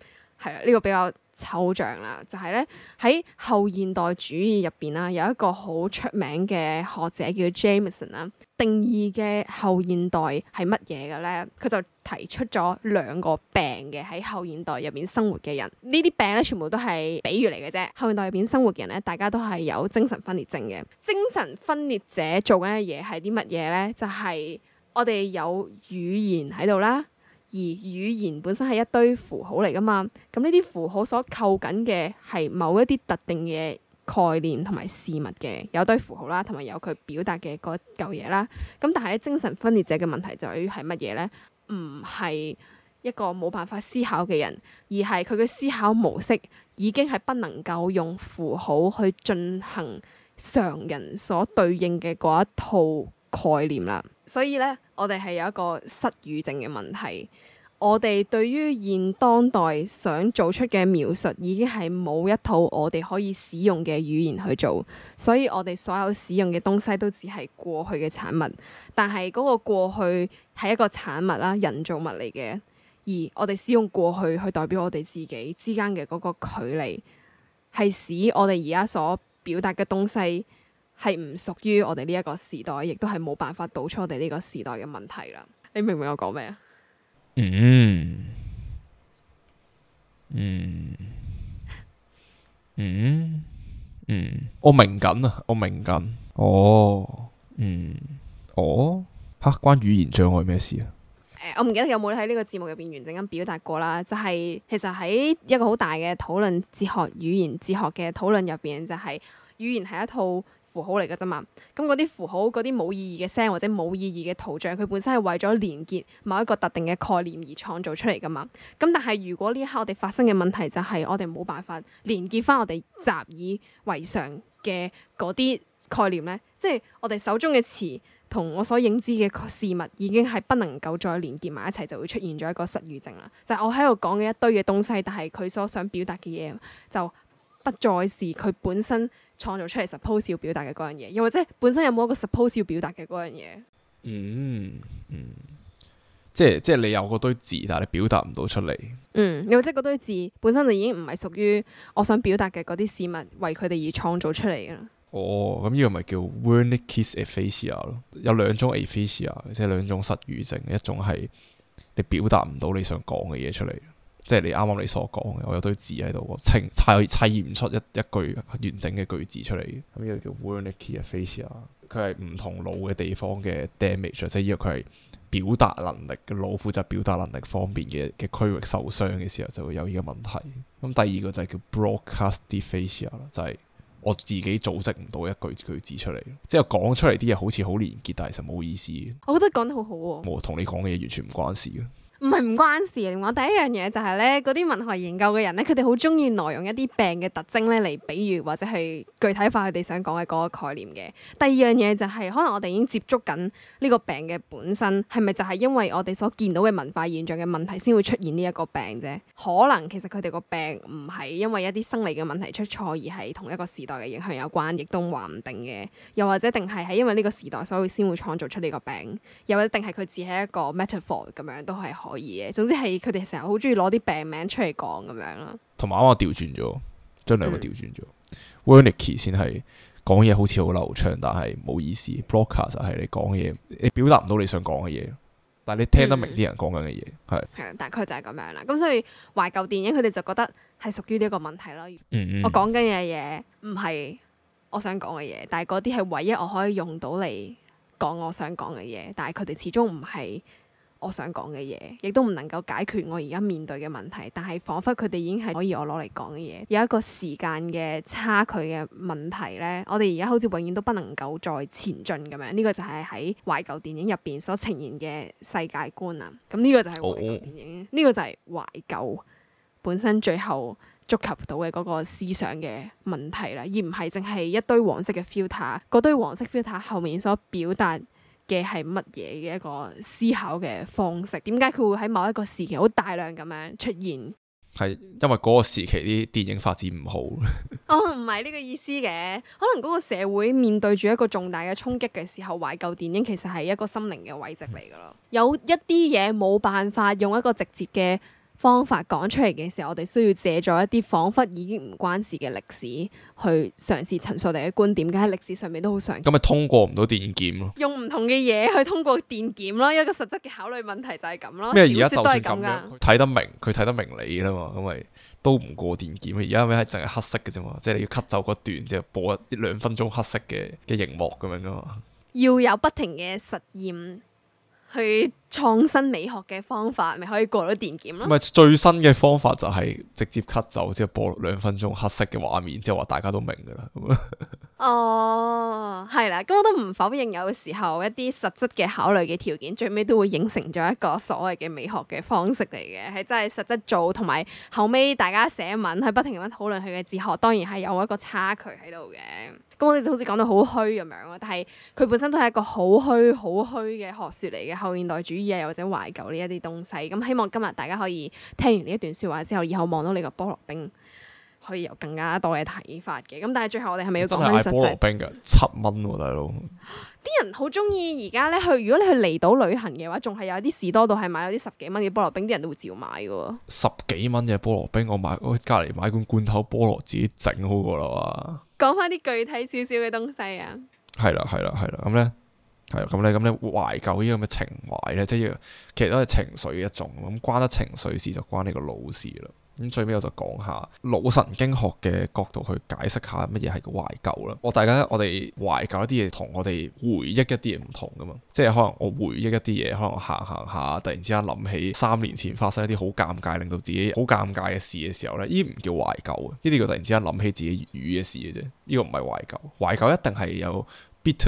係啊呢個比較。抽象啦，就係咧喺後現代主義入邊啦，有一個好出名嘅學者叫 Jameson 啦，定義嘅後現代係乜嘢嘅咧？佢就提出咗兩個病嘅，喺後現代入邊生活嘅人，呢啲病咧全部都係比喻嚟嘅啫。後現代入邊生活嘅人咧，大家都係有精神分裂症嘅。精神分裂者做緊嘅嘢係啲乜嘢咧？就係我哋有語言喺度啦。而語言本身係一堆符號嚟㗎嘛，咁呢啲符號所構緊嘅係某一啲特定嘅概念同埋事物嘅，有堆符號啦，同埋有佢表達嘅嗰嚿嘢啦。咁、嗯、但係咧精神分裂者嘅問題就係乜嘢咧？唔係一個冇辦法思考嘅人，而係佢嘅思考模式已經係不能夠用符號去進行常人所對應嘅嗰一套。概念啦，所以咧，我哋係有一個失語症嘅問題。我哋對於現當代想做出嘅描述，已經係冇一套我哋可以使用嘅語言去做。所以我哋所有使用嘅東西都只係過去嘅產物。但係嗰個過去係一個產物啦，人造物嚟嘅。而我哋使用過去去代表我哋自己之間嘅嗰個距離，係使我哋而家所表達嘅東西係唔屬於我哋呢一個時代，亦都係冇辦法導出我哋呢個時代嘅問題啦。你明唔明我講咩啊？嗯嗯嗯嗯，我明緊啊，我明緊。哦，嗯，哦，嚇，關語言障礙咩事啊？誒、呃，我唔記得有冇喺呢個節目入邊完整咁表達過啦。就係、是、其實喺一個好大嘅討論哲學、語言哲學嘅討論入邊，就係、是、語言係一套。符號嚟噶啫嘛，咁嗰啲符號、嗰啲冇意義嘅聲或者冇意義嘅圖像，佢本身係為咗連結某一個特定嘅概念而創造出嚟噶嘛。咁但係如果呢一刻我哋發生嘅問題就係我哋冇辦法連結翻我哋習以為常嘅嗰啲概念咧，即係我哋手中嘅詞同我所認知嘅事物已經係不能夠再連結埋一齊，就會出現咗一個失語症啦。就係我喺度講嘅一堆嘅東西，但係佢所想表達嘅嘢就不再是佢本身。創造出嚟 suppose 要表達嘅嗰樣嘢，又或者本身有冇一個 suppose 要表達嘅嗰樣嘢、嗯？嗯，即係即係你有嗰堆字，但係你表達唔到出嚟。嗯，又或者嗰堆字本身就已經唔係屬於我想表達嘅嗰啲事物，為佢哋而創造出嚟嘅。哦，咁呢個咪叫 Wernicke's aphasia 咯？有兩種 aphasia，即係兩種失語症，一種係你表達唔到你想講嘅嘢出嚟。即係你啱啱你所講嘅，我有堆字喺度，我砌砌唔出一一句完整嘅句子出嚟。咁呢個叫 Wernicke aphasia，佢係唔同腦嘅地方嘅 damage，即係呢個佢係表達能力嘅腦負責表達能力方面嘅嘅區域受傷嘅時候就會有呢個問題。咁、嗯、第二個就係叫 Broca's aphasia，就係我自己組織唔到一句句子出嚟，之後講出嚟啲嘢好似好連結，但係實冇意思。我覺得講得好好、哦、喎，我同你講嘅嘢完全唔關事嘅。唔係唔關事啊！我第一樣嘢就係咧，嗰啲文學研究嘅人咧，佢哋好中意挪用一啲病嘅特徵咧嚟比喻，或者係具體化佢哋想講嘅嗰個概念嘅。第二樣嘢就係、是、可能我哋已經接觸緊呢個病嘅本身係咪就係因為我哋所見到嘅文化現象嘅問題先會出現呢一個病啫？可能其實佢哋個病唔係因為一啲生理嘅問題出錯，而係同一個時代嘅影響有關，亦都話唔定嘅。又或者定係係因為呢個時代所以先會創造出呢個病，又或者定係佢只係一個 metaphor 咁樣都係可可以嘅，總之係佢哋成日好中意攞啲病名出嚟講咁樣咯。同埋我啱調轉咗，將兩個調轉咗。Wernicke 先係講嘢好似好流暢，嗯、但係冇意思。嗯、Broca、er、係你講嘢，你表達唔到你想講嘅嘢，但係你聽得明啲人講緊嘅嘢。係係、嗯，大概就係咁樣啦。咁所以懷舊電影佢哋就覺得係屬於呢一個問題咯。嗯嗯，我講緊嘅嘢唔係我想講嘅嘢，但係嗰啲係唯一我可以用到嚟講我想講嘅嘢，但係佢哋始終唔係。我想講嘅嘢，亦都唔能夠解決我而家面對嘅問題，但係彷彿佢哋已經係可以我攞嚟講嘅嘢，有一個時間嘅差距嘅問題咧。我哋而家好似永遠都不能夠再前進咁樣，呢、呢個就係喺懷舊電影入邊所呈現嘅世界觀啊。咁、呢、呢個就係懷舊電影，呢、oh. 個就係懷舊本身最後觸及到嘅嗰個思想嘅問題啦，而唔係淨係一堆黃色嘅 filter。嗰堆黃色 filter 後面所表達。嘅係乜嘢嘅一個思考嘅方式？點解佢會喺某一個時期好大量咁樣出現？係因為嗰個時期啲電影發展唔好？嗯。哦，唔係呢個意思嘅，可能嗰個社會面對住一個重大嘅衝擊嘅時候，懷舊電影其實係一個心靈嘅慰藉，嚟噶咯。嗯、有一啲嘢冇辦法用一個直接嘅。方法講出嚟嘅時候，我哋需要借助一啲彷彿已經唔關事嘅歷史去嘗試陳述你嘅觀點，咁喺歷史上面都好常見。咁咪通過唔到電檢咯？用唔同嘅嘢去通過電檢咯，一個實質嘅考慮問題就係咁咯。咩麼？而家就算咁樣，睇得明佢睇得明你啦嘛，咁咪都唔過電檢。而家咪係淨係黑色嘅啫嘛？即係你要吸走嗰段，之後播一兩分鐘黑色嘅嘅熒幕咁樣噶嘛。要有不停嘅實驗。去創新美學嘅方法，咪可以過到電檢咯。咪最新嘅方法就係直接 cut 走，之後播兩分鐘黑色嘅畫面，之後話大家都明噶啦。 哦，係啦，咁我都唔否認，有時候一啲實質嘅考慮嘅條件，最尾都會影成咗一個所謂嘅美學嘅方式嚟嘅，係真係實質做，同埋後尾大家寫文去不停咁樣討論佢嘅哲學，當然係有一個差距喺度嘅。咁我哋就好似講到好虛咁樣咯，但係佢本身都係一個好虛、好虛嘅學說嚟嘅，後現代主義啊，又或者懷舊呢一啲東西。咁希望今日大家可以聽完呢一段說話之後，以後望到你個菠蘿冰。可以有更加多嘅睇法嘅，咁但係最後我哋係咪要真係買菠蘿冰嘅，七蚊大佬。啲人好中意而家咧，去，如果你去離島旅行嘅話，仲係有啲士多度係買到啲十幾蚊嘅菠蘿冰，啲人都會照買嘅。十幾蚊嘅菠蘿冰，我買，隔籬買罐罐頭菠蘿自己整好過啦嘛。講翻啲具體少少嘅東西啊。係啦係啦係啦，咁咧，係咁咧，咁咧，懷舊呢個咁嘅情懷咧，即係其實都係情緒嘅一種，咁關得情緒事就關你個腦事啦。咁最尾我就講下腦神經學嘅角度去解釋下乜嘢係個懷舊啦。我大家我哋懷舊一啲嘢同我哋回憶一啲嘢唔同㗎嘛。即係可能我回憶一啲嘢，可能我行行下，突然之間諗起三年前發生一啲好尷尬，令到自己好尷尬嘅事嘅時候，呢啲唔叫懷舊。呢啲叫突然之間諗起自己粵語嘅事嘅啫。呢個唔係懷舊，懷舊一定係有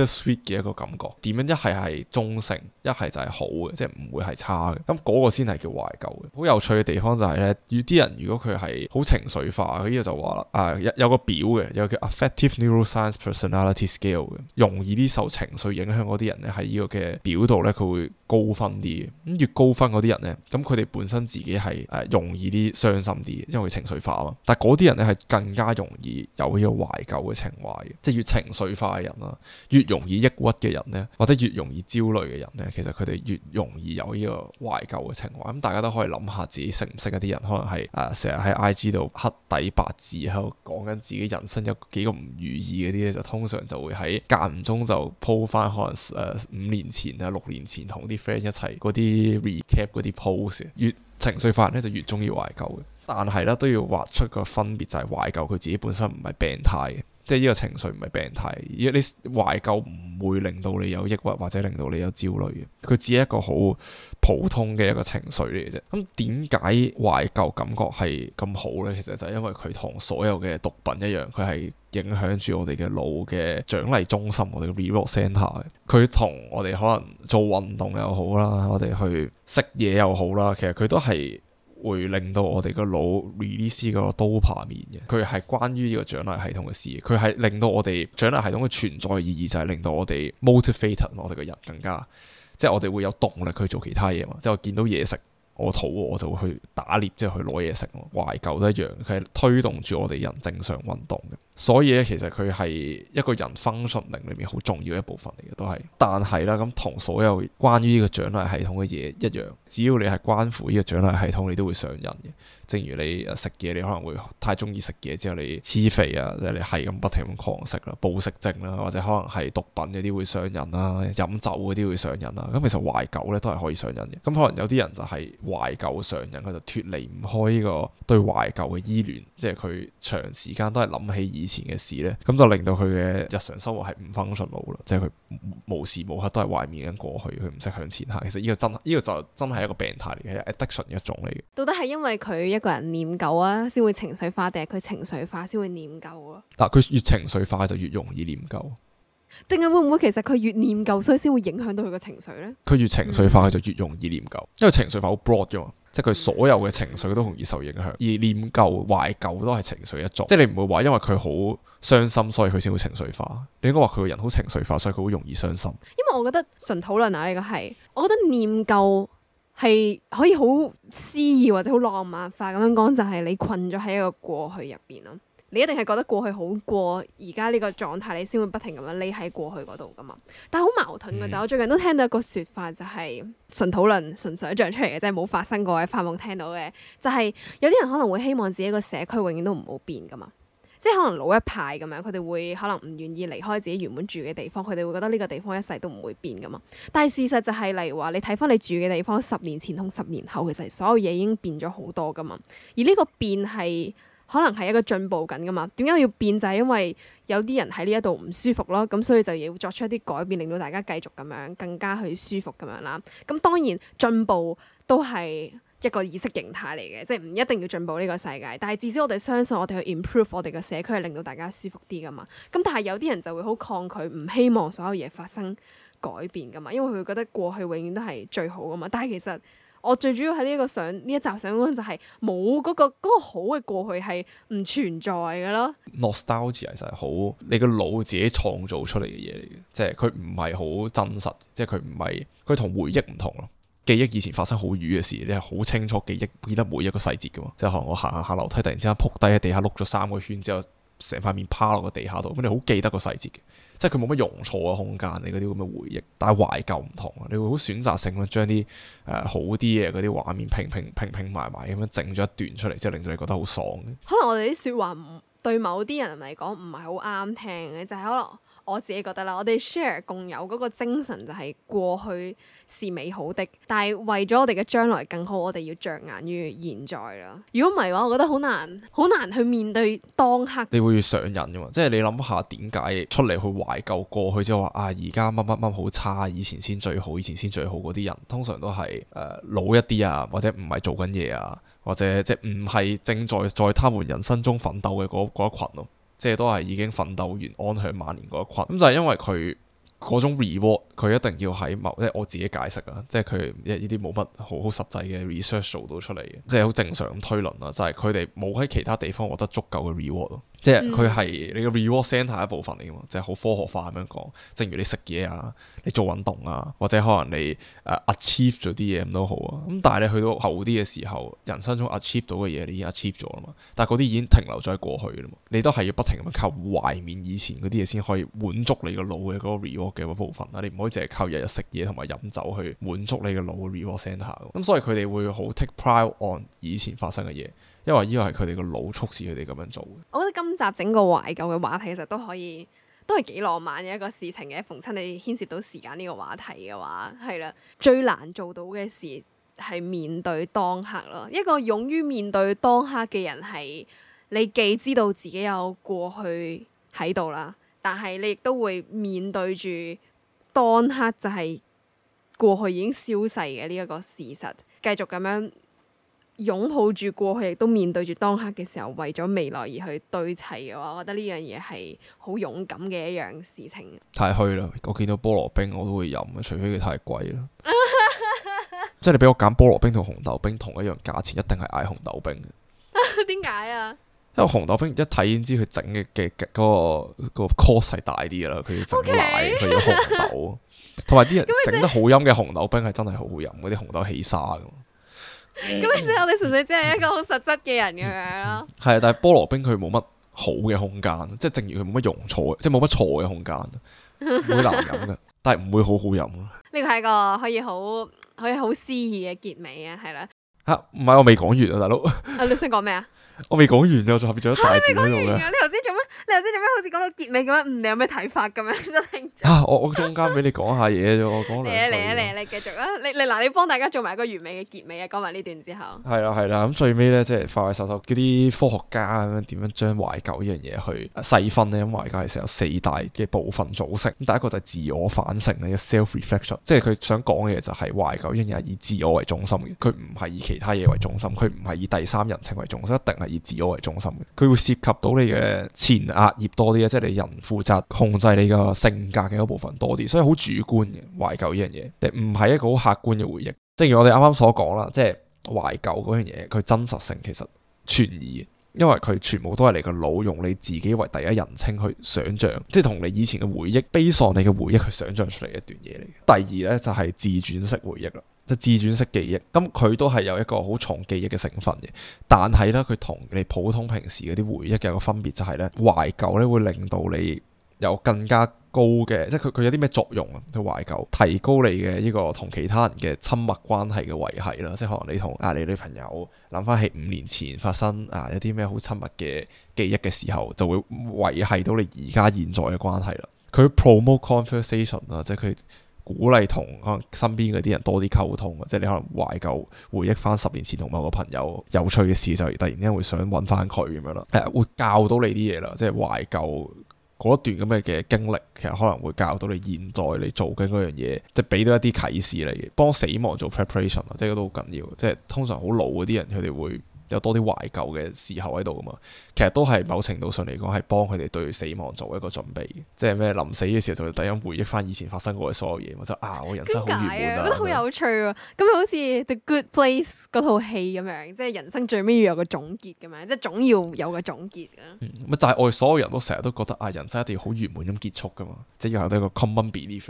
sweet 嘅一個感覺，點樣一係係中性，一係就係好嘅，即係唔會係差嘅。咁嗰個先係叫懷舊嘅。好有趣嘅地方就係、是、咧，有啲人如果佢係好情緒化，佢、這、呢個就話啦，啊有有個表嘅，有個叫 affective neuroscience personality scale 嘅，容易啲受情緒影響嗰啲人咧，喺呢個嘅表度咧，佢會高分啲。咁越高分嗰啲人咧，咁佢哋本身自己係誒、呃、容易啲傷心啲，因為佢情緒化啊嘛。但係嗰啲人咧係更加容易有呢個懷舊嘅情懷嘅，即係越情緒化嘅人啊。越容易抑鬱嘅人呢，或者越容易焦慮嘅人呢，其實佢哋越容易有呢個懷舊嘅情況。咁、嗯、大家都可以諗下自己識唔識一啲人，可能係誒成日喺 IG 度黑底白字喺度講緊自己人生有幾個唔如意嗰啲咧，就通常就會喺間唔中就 po 翻可能誒五、呃、年前啊六年前同啲 friend 一齊嗰啲 recap 嗰啲 post 越情緒化人呢，就越中意懷舊，但係咧都要畫出個分別，就係、是、懷舊佢自己本身唔係病態嘅。即係呢個情緒唔係病態，而你懷舊唔會令到你有抑鬱或者令到你有焦慮嘅，佢只係一個好普通嘅一個情緒嚟嘅啫。咁點解懷舊感覺係咁好咧？其實就係因為佢同所有嘅毒品一樣，佢係影響住我哋嘅腦嘅獎勵中心，我哋嘅 reward center。佢同我哋可能做運動又好啦，我哋去食嘢又好啦，其實佢都係。會令到我哋個腦 release 個多巴胺嘅，佢係關於呢個獎勵系統嘅事，佢係令到我哋獎勵系統嘅存在意義就係、是、令到我哋 motivated 我哋個人更加，即係我哋會有動力去做其他嘢嘛，即係見到嘢食。我肚餓，我就會去打獵，即係去攞嘢食。懷舊都一樣，佢係推動住我哋人正常運動嘅。所以咧，其實佢係一個人 functioning 裏面好重要一部分嚟嘅，都係。但係啦，咁同所有關於呢個獎勵系統嘅嘢一樣，只要你係關乎呢個獎勵系統，你都會上癮嘅。正如你食嘢，你可能會太中意食嘢之後，你黐肥啊，即係你係咁、就是、不停咁狂食啦，暴食症啦，或者可能係毒品嗰啲會上癮啦，飲酒嗰啲會上癮啦。咁其實懷舊呢都係可以上癮嘅。咁可能有啲人就係懷舊上癮，佢就脫離唔開呢個對懷舊嘅依戀，即係佢長時間都係諗起以前嘅事呢，咁就令到佢嘅日常生活係唔分順路 function 啦，即係佢無時無刻都係懷念緊過去，佢唔識向前行。其實呢個真呢、這個就真係一個病態嚟嘅，addiction 一種嚟嘅。到底係因為佢一個人念舊啊，先會情緒化，定係佢情緒化先會念舊啊？嗱，佢越情緒化就越容易念舊，定係會唔會其實佢越念舊所以先會影響到佢嘅情緒呢？佢越情緒化，佢就越容易念舊，因為情緒化好 broad 啫嘛，即係佢所有嘅情緒都容易受影響，而念舊懷舊都係情緒一宗。即係你唔會話因為佢好傷心所以佢先會情緒化，你應該話佢個人好情緒化，所以佢好容易傷心。因為我覺得純討論啊，呢個係我覺得念舊。係可以好詩意或者好浪漫化咁樣講，就係、是、你困咗喺一個過去入邊咯。你一定係覺得過去好過而家呢個狀態，你先會不停咁樣匿喺過去嗰度噶嘛。但係好矛盾噶啫。嗯、我最近都聽到一個説法，就係純討論、純想象出嚟嘅，即係冇發生過喺發夢聽到嘅，就係、是、有啲人可能會希望自己個社區永遠都唔好變噶嘛。即係可能老一派咁樣，佢哋會可能唔願意離開自己原本住嘅地方，佢哋會覺得呢個地方一世都唔會變噶嘛。但係事實就係，例如話你睇翻你住嘅地方，十年前同十年後，其實所有嘢已經變咗好多噶嘛。而呢個變係可能係一個進步緊噶嘛。點解要變就係因為有啲人喺呢一度唔舒服咯，咁所以就要作出一啲改變，令到大家繼續咁樣更加去舒服咁樣啦。咁當然進步都係。一個意識形態嚟嘅，即係唔一定要進步呢個世界，但係至少我哋相信我哋去 improve 我哋嘅社區，係令到大家舒服啲㗎嘛。咁但係有啲人就會好抗拒，唔希望所有嘢發生改變㗎嘛，因為佢會覺得過去永遠都係最好㗎嘛。但係其實我最主要喺呢一個想呢一集想講就係冇嗰個嗰個好嘅過去係唔存在㗎囉。Nostalgia 其實係好你個腦自己創造出嚟嘅嘢嚟嘅，即係佢唔係好真實，即係佢唔係佢同回憶唔同咯。記憶以前發生好瘀嘅事，你係好清楚記憶，記得每一個細節㗎嘛？即係可能我行下下樓梯，突然之間扑低喺地下碌咗三個圈之後，成塊面趴落個地下度，咁你好記得個細節嘅，即係佢冇乜容錯嘅空間你嗰啲咁嘅回憶，但係懷舊唔同啊，你會好選擇性咁將啲誒好啲嘅嗰啲畫面拼拼拼拼埋埋咁樣整咗一段出嚟，之後令到你覺得好爽嘅。可能我哋啲說話唔對某啲人嚟講唔係好啱聽嘅，就係可能。我自己覺得啦，我哋 share 共有嗰個精神就係過去是美好的，但係為咗我哋嘅將來更好，我哋要着眼於現在啦。如果唔係嘅話，我覺得好難，好難去面對當刻。你會上癮㗎嘛？即係你諗下點解出嚟去懷舊過去，即係話啊，而家乜乜乜好差，以前先最好，以前先最好嗰啲人，通常都係誒、呃、老一啲啊，或者唔係做緊嘢啊，或者即係唔係正在在他們人生中奮鬥嘅嗰嗰一羣咯、啊。即係都係已經奮鬥完安享晚年嗰一羣，咁就係因為佢嗰種 reward，佢一定要喺某，即係我自己解釋啊，即係佢呢啲冇乜好好實際嘅 research 做到出嚟嘅，即係好正常咁推論啦、啊，就係佢哋冇喺其他地方獲得足夠嘅 reward 咯、啊。即係佢係你個 reward center 一部分嚟嘅嘛，即係好科學化咁樣講。正如你食嘢啊，你做運動啊，或者可能你誒、呃、achieve 咗啲嘢咁都好啊。咁但係你去到後啲嘅時候，人生中 achieve 到嘅嘢，你已經 achieve 咗啦嘛。但係嗰啲已經停留咗喺過去啦嘛。你都係要不停咁樣靠懷念以前嗰啲嘢先可以滿足你個腦嘅嗰個 reward 嘅部分啦。你唔可以淨係靠日日食嘢同埋飲酒去滿足你個腦 reward centre。咁、嗯、所以佢哋會好 take pride on 以前發生嘅嘢。因為依個係佢哋個腦促使佢哋咁樣做。我覺得今集整個懷舊嘅話題其實都可以，都係幾浪漫嘅一個事情嘅。逢親你牽涉到時間呢個話題嘅話，係啦，最難做到嘅事係面對當刻咯。一個勇於面對當刻嘅人係，你既知道自己有過去喺度啦，但係你亦都會面對住當刻就係過去已經消逝嘅呢一個事實，繼續咁樣。擁抱住過去，亦都面對住當刻嘅時候，為咗未來而去堆砌嘅話，我覺得呢樣嘢係好勇敢嘅一樣事情。太虛啦！我見到菠蘿冰我都會飲，除非佢太貴啦。 即係你俾我揀菠蘿冰同紅豆冰同一樣價錢，一定係嗌紅豆冰。點解啊？因為紅豆冰一睇已經知佢整嘅嘅嗰個 cost 係大啲啦。佢要整奶，佢 Okay. 要紅豆，同埋啲人整得好飲嘅紅豆冰係真係好好飲，嗰啲紅豆起沙咁。咁即係我哋純粹只係一個好實質嘅人咁樣咯。係啊，但係菠蘿冰佢冇乜好嘅空間，即係 正如佢冇乜容錯，即係冇乜錯嘅空間，唔會難飲嘅。 但係唔會好好飲咯。呢個係一個可以好可以好詩意嘅結尾啊，係啦。吓，唔係我未講完啊，大佬。 啊，你想講咩啊？ 我未講完就，就後邊仲有大嘅內容你未講完啊？你頭先做咩？你頭先做咩？做好似講到結尾咁樣。嗯，你有咩睇法咁樣？ 啊，我我中間俾你講下嘢啫，我講嚟。嚟啊嚟啊嚟你繼續啊！你你嗱，你幫大家做埋一個完美嘅結尾啊！講埋呢段之後。係啦係啦，咁、嗯、最尾咧即係快快受術嗰啲科學家咁樣懷，點樣將懷舊呢樣嘢去細分咧？因為而家係成有四大嘅部分組成。咁第一個就係自我反省咧，叫 self reflection，即係佢想講嘅嘢就係懷舊，呢樣嘢係以自我為中心嘅，佢唔係以其他嘢為中心，佢唔係以第三人稱為中心，一定係。以自我為中心嘅，佢會涉及到你嘅前額葉多啲咧，即係你人負責控制你嘅性格嘅一部分多啲，所以好主觀嘅懷舊呢樣嘢，唔係一個好客觀嘅回憶。正如我哋啱啱所講啦，即係懷舊嗰樣嘢，佢真實性其實存疑，因為佢全部都係你個腦用你自己為第一人稱去想象，即係同你以前嘅回憶、悲喪你嘅回憶去想象出嚟一段嘢嚟。第二咧就係、是、自轉式回憶啦。即自轉式記憶，咁佢都係有一個好重記憶嘅成分嘅。但係咧，佢同你普通平時嗰啲回憶嘅一個分別就係、是、咧，懷舊咧會令到你有更加高嘅，即係佢佢有啲咩作用啊？佢懷舊提高你嘅呢個同其他人嘅親密關係嘅維繫啦。即係可能你同啊你女朋友諗翻起五年前發生啊有啲咩好親密嘅記憶嘅時候，就會維繫到你而家現在嘅關係啦。佢 promote conversation 啊，即係佢。鼓勵同可能身邊嗰啲人多啲溝通，即係你可能懷舊回憶翻十年前同埋某個朋友有趣嘅事，就突然之間會想揾翻佢咁樣咯。誒，會教到你啲嘢啦，即係懷舊嗰段咁嘅嘅經歷，其實可能會教到你現在你做緊嗰樣嘢，即係俾到一啲啟示嚟嘅，幫死亡做 preparation 啊，即係都好緊要。即係通常好老嗰啲人，佢哋會。有多啲懷舊嘅時候喺度啊嘛，其實都係某程度上嚟講係幫佢哋對死亡做一個準備，即係咩臨死嘅時候就會突然間回憶翻以前發生過嘅所有嘢，或者啊我人生好圓滿啊，覺得好有趣喎、啊，咁好似 The Good Place 嗰套戲咁樣，即係人生最尾要有個總結嘅嘛，即係總要有個總結啊、嗯。但咪係我哋所有人都成日都覺得啊人生一定要好圓滿咁結束噶嘛，即係又係一個 common belief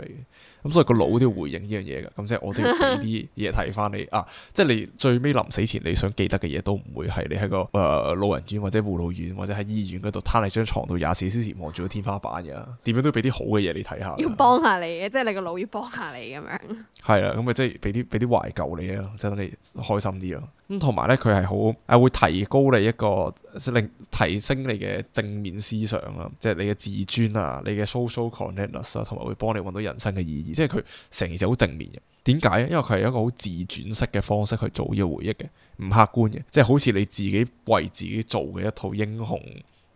咁、嗯、所以個腦都要回應呢樣嘢㗎，咁即係我都要俾啲嘢睇翻你 啊，即係你最尾臨死前你想記得嘅嘢都。唔。會係你喺個誒、呃、老人院或者護老院或者喺醫院嗰度攤你張床度廿四小時望住個天花板嘅，點樣都俾啲好嘅嘢你睇下，要幫下你嘅，即係你個腦要幫下你咁樣。係 啦， 咁咪即係俾啲俾啲懷舊你咯，即係等你開心啲咯。咁同埋咧，佢係好啊，會提高你一個令、呃、提升你嘅正面思想啦、啊，即係你嘅自尊啊，你嘅 social connectedness 啊，同埋會幫你揾到人生嘅意義。即係佢成件事好正面嘅。點解咧？因為佢係一個好自轉式嘅方式去做呢個回憶嘅，唔客觀嘅，即係好似你自己為自己做嘅一套英雄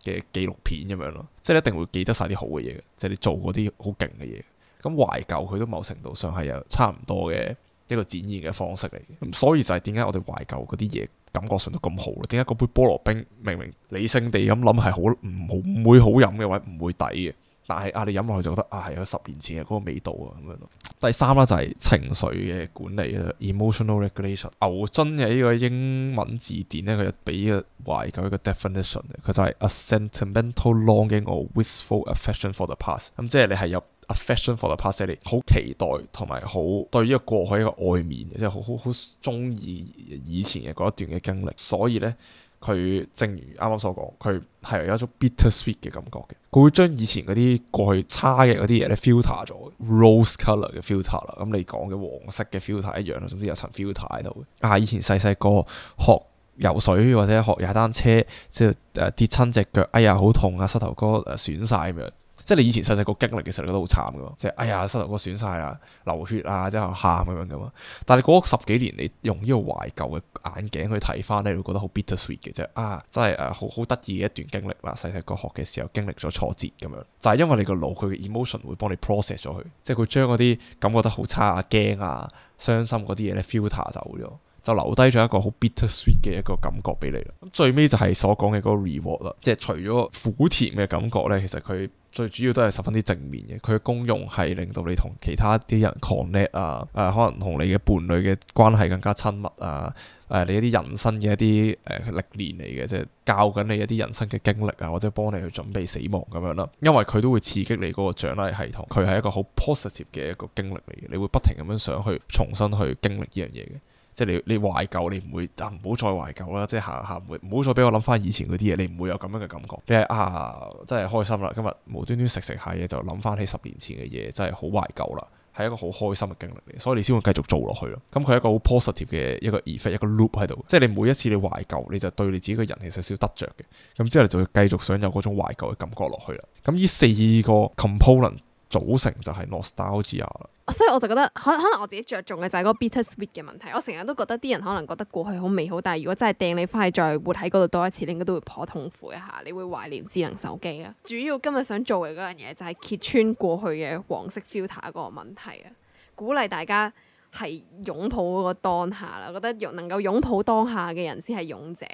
嘅紀錄片咁樣咯。即係一定會記得晒啲好嘅嘢，即係你做嗰啲好勁嘅嘢。咁懷舊佢都某程度上係有差唔多嘅。一個展現嘅方式嚟嘅，咁、嗯、所以就係點解我哋懷舊嗰啲嘢感覺上都咁好咧？點解嗰杯菠蘿冰明明理性地咁諗，係好唔好唔會好飲嘅話，唔會抵嘅，但係啊，你飲落去就覺得啊係有十年前嘅嗰個味道啊咁樣咯。第三啦就係、是、情緒嘅管理 emotional regulation。牛津嘅呢個英文字典咧佢就俾個懷舊一個 definition，佢就係 a sentimental longing or wistful affection for the past、嗯。咁即係你係有。affection for the past 好期待同埋好對呢個過去一個外面，即係好好好中意以前嘅嗰一段嘅經歷。所以呢，佢正如啱啱所講，佢係有一種 bitter sweet 嘅感覺嘅。佢會將以前嗰啲過去差嘅嗰啲嘢咧 filter 咗，rose color 嘅 filter 啦。咁你講嘅黃色嘅 filter 一樣啦，總之有層 filter 喺度。啊，以前細細個學游水或者學踩單車，即係跌親隻腳，哎呀好痛啊，膝頭哥誒損曬咁樣。即係你以前細細個經歷嘅時候，覺得好慘嘅，即係哎呀，膝頭哥損晒啦，流血啊，即係喊咁樣咁啊。但係過咗十幾年，你用呢個懷舊嘅眼鏡去睇翻咧，你會覺得好 bittersweet 嘅，即係啊，真係誒、啊，好好得意嘅一段經歷啦。細細個學嘅時候經歷咗挫折咁樣，就係、是、因為你個腦佢嘅 emotion 會幫你 process 咗佢，即係佢將嗰啲感覺得好差啊、驚啊、傷心嗰啲嘢咧 filter 走咗。就留低咗一個好 bitter sweet 嘅一個感覺俾你啦。咁最尾就係所講嘅嗰個 reward 啦，即係除咗苦甜嘅感覺呢，其實佢最主要都係十分之正面嘅。佢嘅功用係令到你同其他啲人 connect 啊，誒，可能同你嘅伴侶嘅關係更加親密啊，誒，你一啲人生嘅一啲誒歷練嚟嘅，即係教緊你一啲人生嘅經歷啊，或者幫你去準備死亡咁樣啦。因為佢都會刺激你嗰個獎勵系統，佢係一個好 positive 嘅一個經歷嚟嘅，你會不停咁樣想去重新去經歷呢樣嘢嘅。即係你懷舊你懷舊你唔會，但唔好再懷舊啦，即係行行，唔會唔好再俾我諗翻以前嗰啲嘢，你唔會有咁樣嘅感覺。你係啊，真係開心啦，今日無端端食食下嘢就諗翻起十年前嘅嘢，真係好懷舊啦，係一個好開心嘅經歷嚟，所以你先會繼續做落去咯。咁佢係一個好 positive 嘅一個 effect 一個 loop 喺度，即係你每一次你懷舊，你就對你自己嘅人其實少得着嘅，咁之後你就繼續想有嗰種懷舊嘅感覺落去啦。咁呢四個 component。組成就係 nostalgia 啦，所以我就覺得可可能我自己着重嘅就係嗰個 bitter sweet 嘅問題。我成日都覺得啲人可能覺得過去好美好，但係如果真係掟你翻去再活喺嗰度多一次，你應該都會頗痛苦一下。你會懷念智能手機啦。主要今日想做嘅嗰樣嘢就係揭穿過去嘅黃色 filter 嗰個問題啊，鼓勵大家。係擁抱嗰個當下啦，我覺得能夠擁抱當下嘅人先係勇者。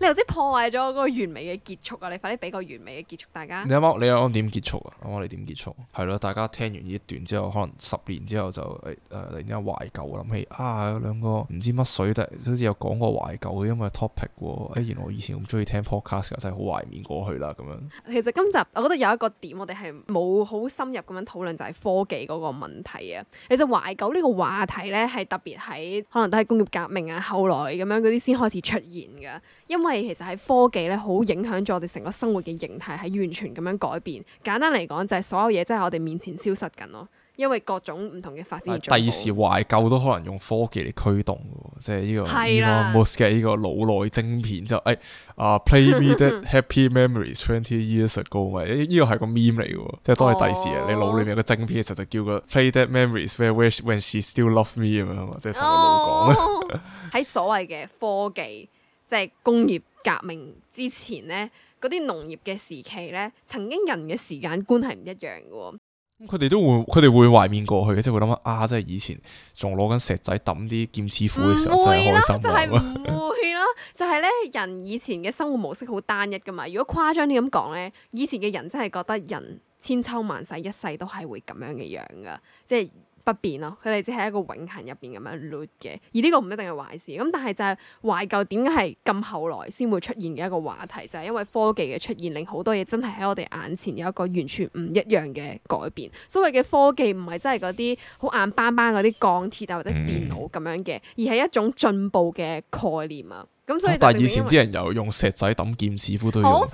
你頭先破壞咗嗰個完美嘅結束啊！你快啲俾個完美嘅結束大家。你有冇？你有冇點結束啊？啱啱你點結束？係咯，大家聽完呢一段之後，可能十年之後就誒、哎呃、突然間懷舊，諗起啊兩個唔知乜水，但好似有講過懷舊嘅因為 topic 喎、哦哎。原來我以前咁中意聽 podcast，真係好懷念過去啦咁樣。其實今集我覺得有一個點，我哋係冇好深入咁樣討論就係、是、科技嗰個問題啊。其實懷舊呢個話題。係咧，係特別喺可能都係工業革命啊，後來咁樣嗰啲先開始出現噶。因為其實喺科技咧，好影響咗我哋成個生活嘅形態，係完全咁樣改變。簡單嚟講，就係、是、所有嘢真係我哋面前消失緊咯。因為各種唔同嘅發展，第二時懷舊都可能用科技嚟驅動嘅喎，即係呢、這個 Moos 嘅呢個腦內晶片就誒啊、哎 uh,，Play me that happy memories twenty years ago 啊呢 個係個 meme 嚟嘅喎，即係當你第二時啊，哦、你腦裏面有個晶片嘅時候，就叫個 Play that memories when when she still love me 咁樣即係同我老講喺、哦、 所謂嘅科技即係、就是、工業革命之前咧，嗰啲農業嘅時期咧，曾經人嘅時間觀係唔一樣嘅喎。佢哋都會，佢哋會懷緬過去嘅，即係會諗啊，真係以前仲攞緊石仔揼啲劍齒虎嘅時候，真係開心啊！唔會啦， 就係咧，人以前嘅生活模式好單一噶嘛。如果誇張啲咁講咧，以前嘅人真係覺得人千秋萬世一世都係會咁樣嘅樣噶，即係。不變咯，佢哋只係一個永恒入邊咁樣轆嘅，而呢個唔一定係壞事。咁但係就係懷舊點解係咁後來先會出現嘅一個話題，就係、是、因為科技嘅出現令好多嘢真係喺我哋眼前有一個完全唔一樣嘅改變。所謂嘅科技唔係真係嗰啲好硬邦邦嗰啲鋼鐵啊或者電腦咁樣嘅，而係一種進步嘅概念啊。咁所以，但係以前啲人又用石仔揼劍齒虎都好，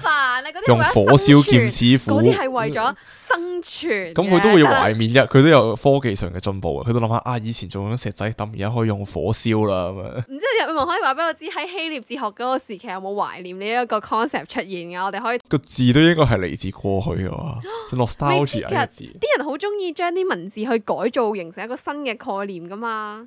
你要用，用火燒劍齒虎，嗰啲係為咗生存。咁佢、嗯嗯、都會懷念一，佢、嗯、都有科技上嘅進步啊！佢都諗下啊，以前仲用石仔揼，而家可以用火燒啦咁樣。唔、嗯、 知阿玉文可以話俾我知，喺希臘哲學嗰個時期有冇懷念呢一個 concept 出現㗎？我哋可以個字都應該係嚟自過去啊，nostalgia 呢個字。啲人好中意將啲文字去改造，形成一個新嘅概念㗎嘛。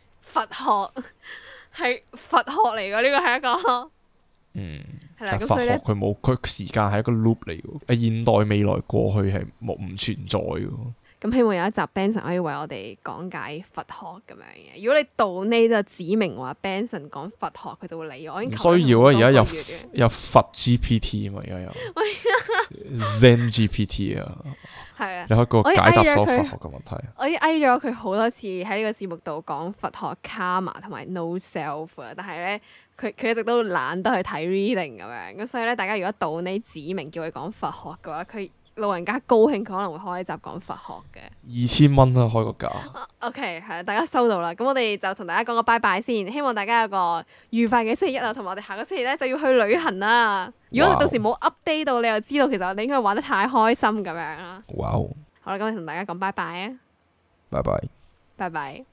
佛學係佛學嚟嘅，呢個係一個，嗯，係啦。咁所以咧，佢冇佢時間係一個 loop 嚟嘅，誒，現代、未來、過去係冇唔存在嘅。咁希望有一集 Benson 可以為我哋講解佛學咁樣嘅。如果你 donate 就指明話 Benson 講佛學，佢就會理會我已經唔需要啊！而家有有佛，佛 GPT 啊嘛，而家有 Zen GPT 啊，係啊的。然後個解答咗佛學嘅問題。我已經嗌咗佢好多次喺呢個節目度講佛學 karma 同埋 no self 啦，但係咧佢佢一直都懶得去睇 reading 咁樣。咁所以咧，大家如果 donate 指明叫佢講佛學嘅話，佢老人家高興，佢可能會開一集講佛學嘅。二千蚊啦，啊，開個價。O K，係大家收到啦，咁我哋就同大家講個拜拜先，希望大家有個愉快嘅星期一啊，同埋我哋下個星期咧就要去旅行啦。Wow. 如果你到時冇 update 到，你又知道其實我哋應該玩得太開心咁樣啦。哇 Wow.！好啦，今日同大家講拜拜啊，拜拜，拜拜。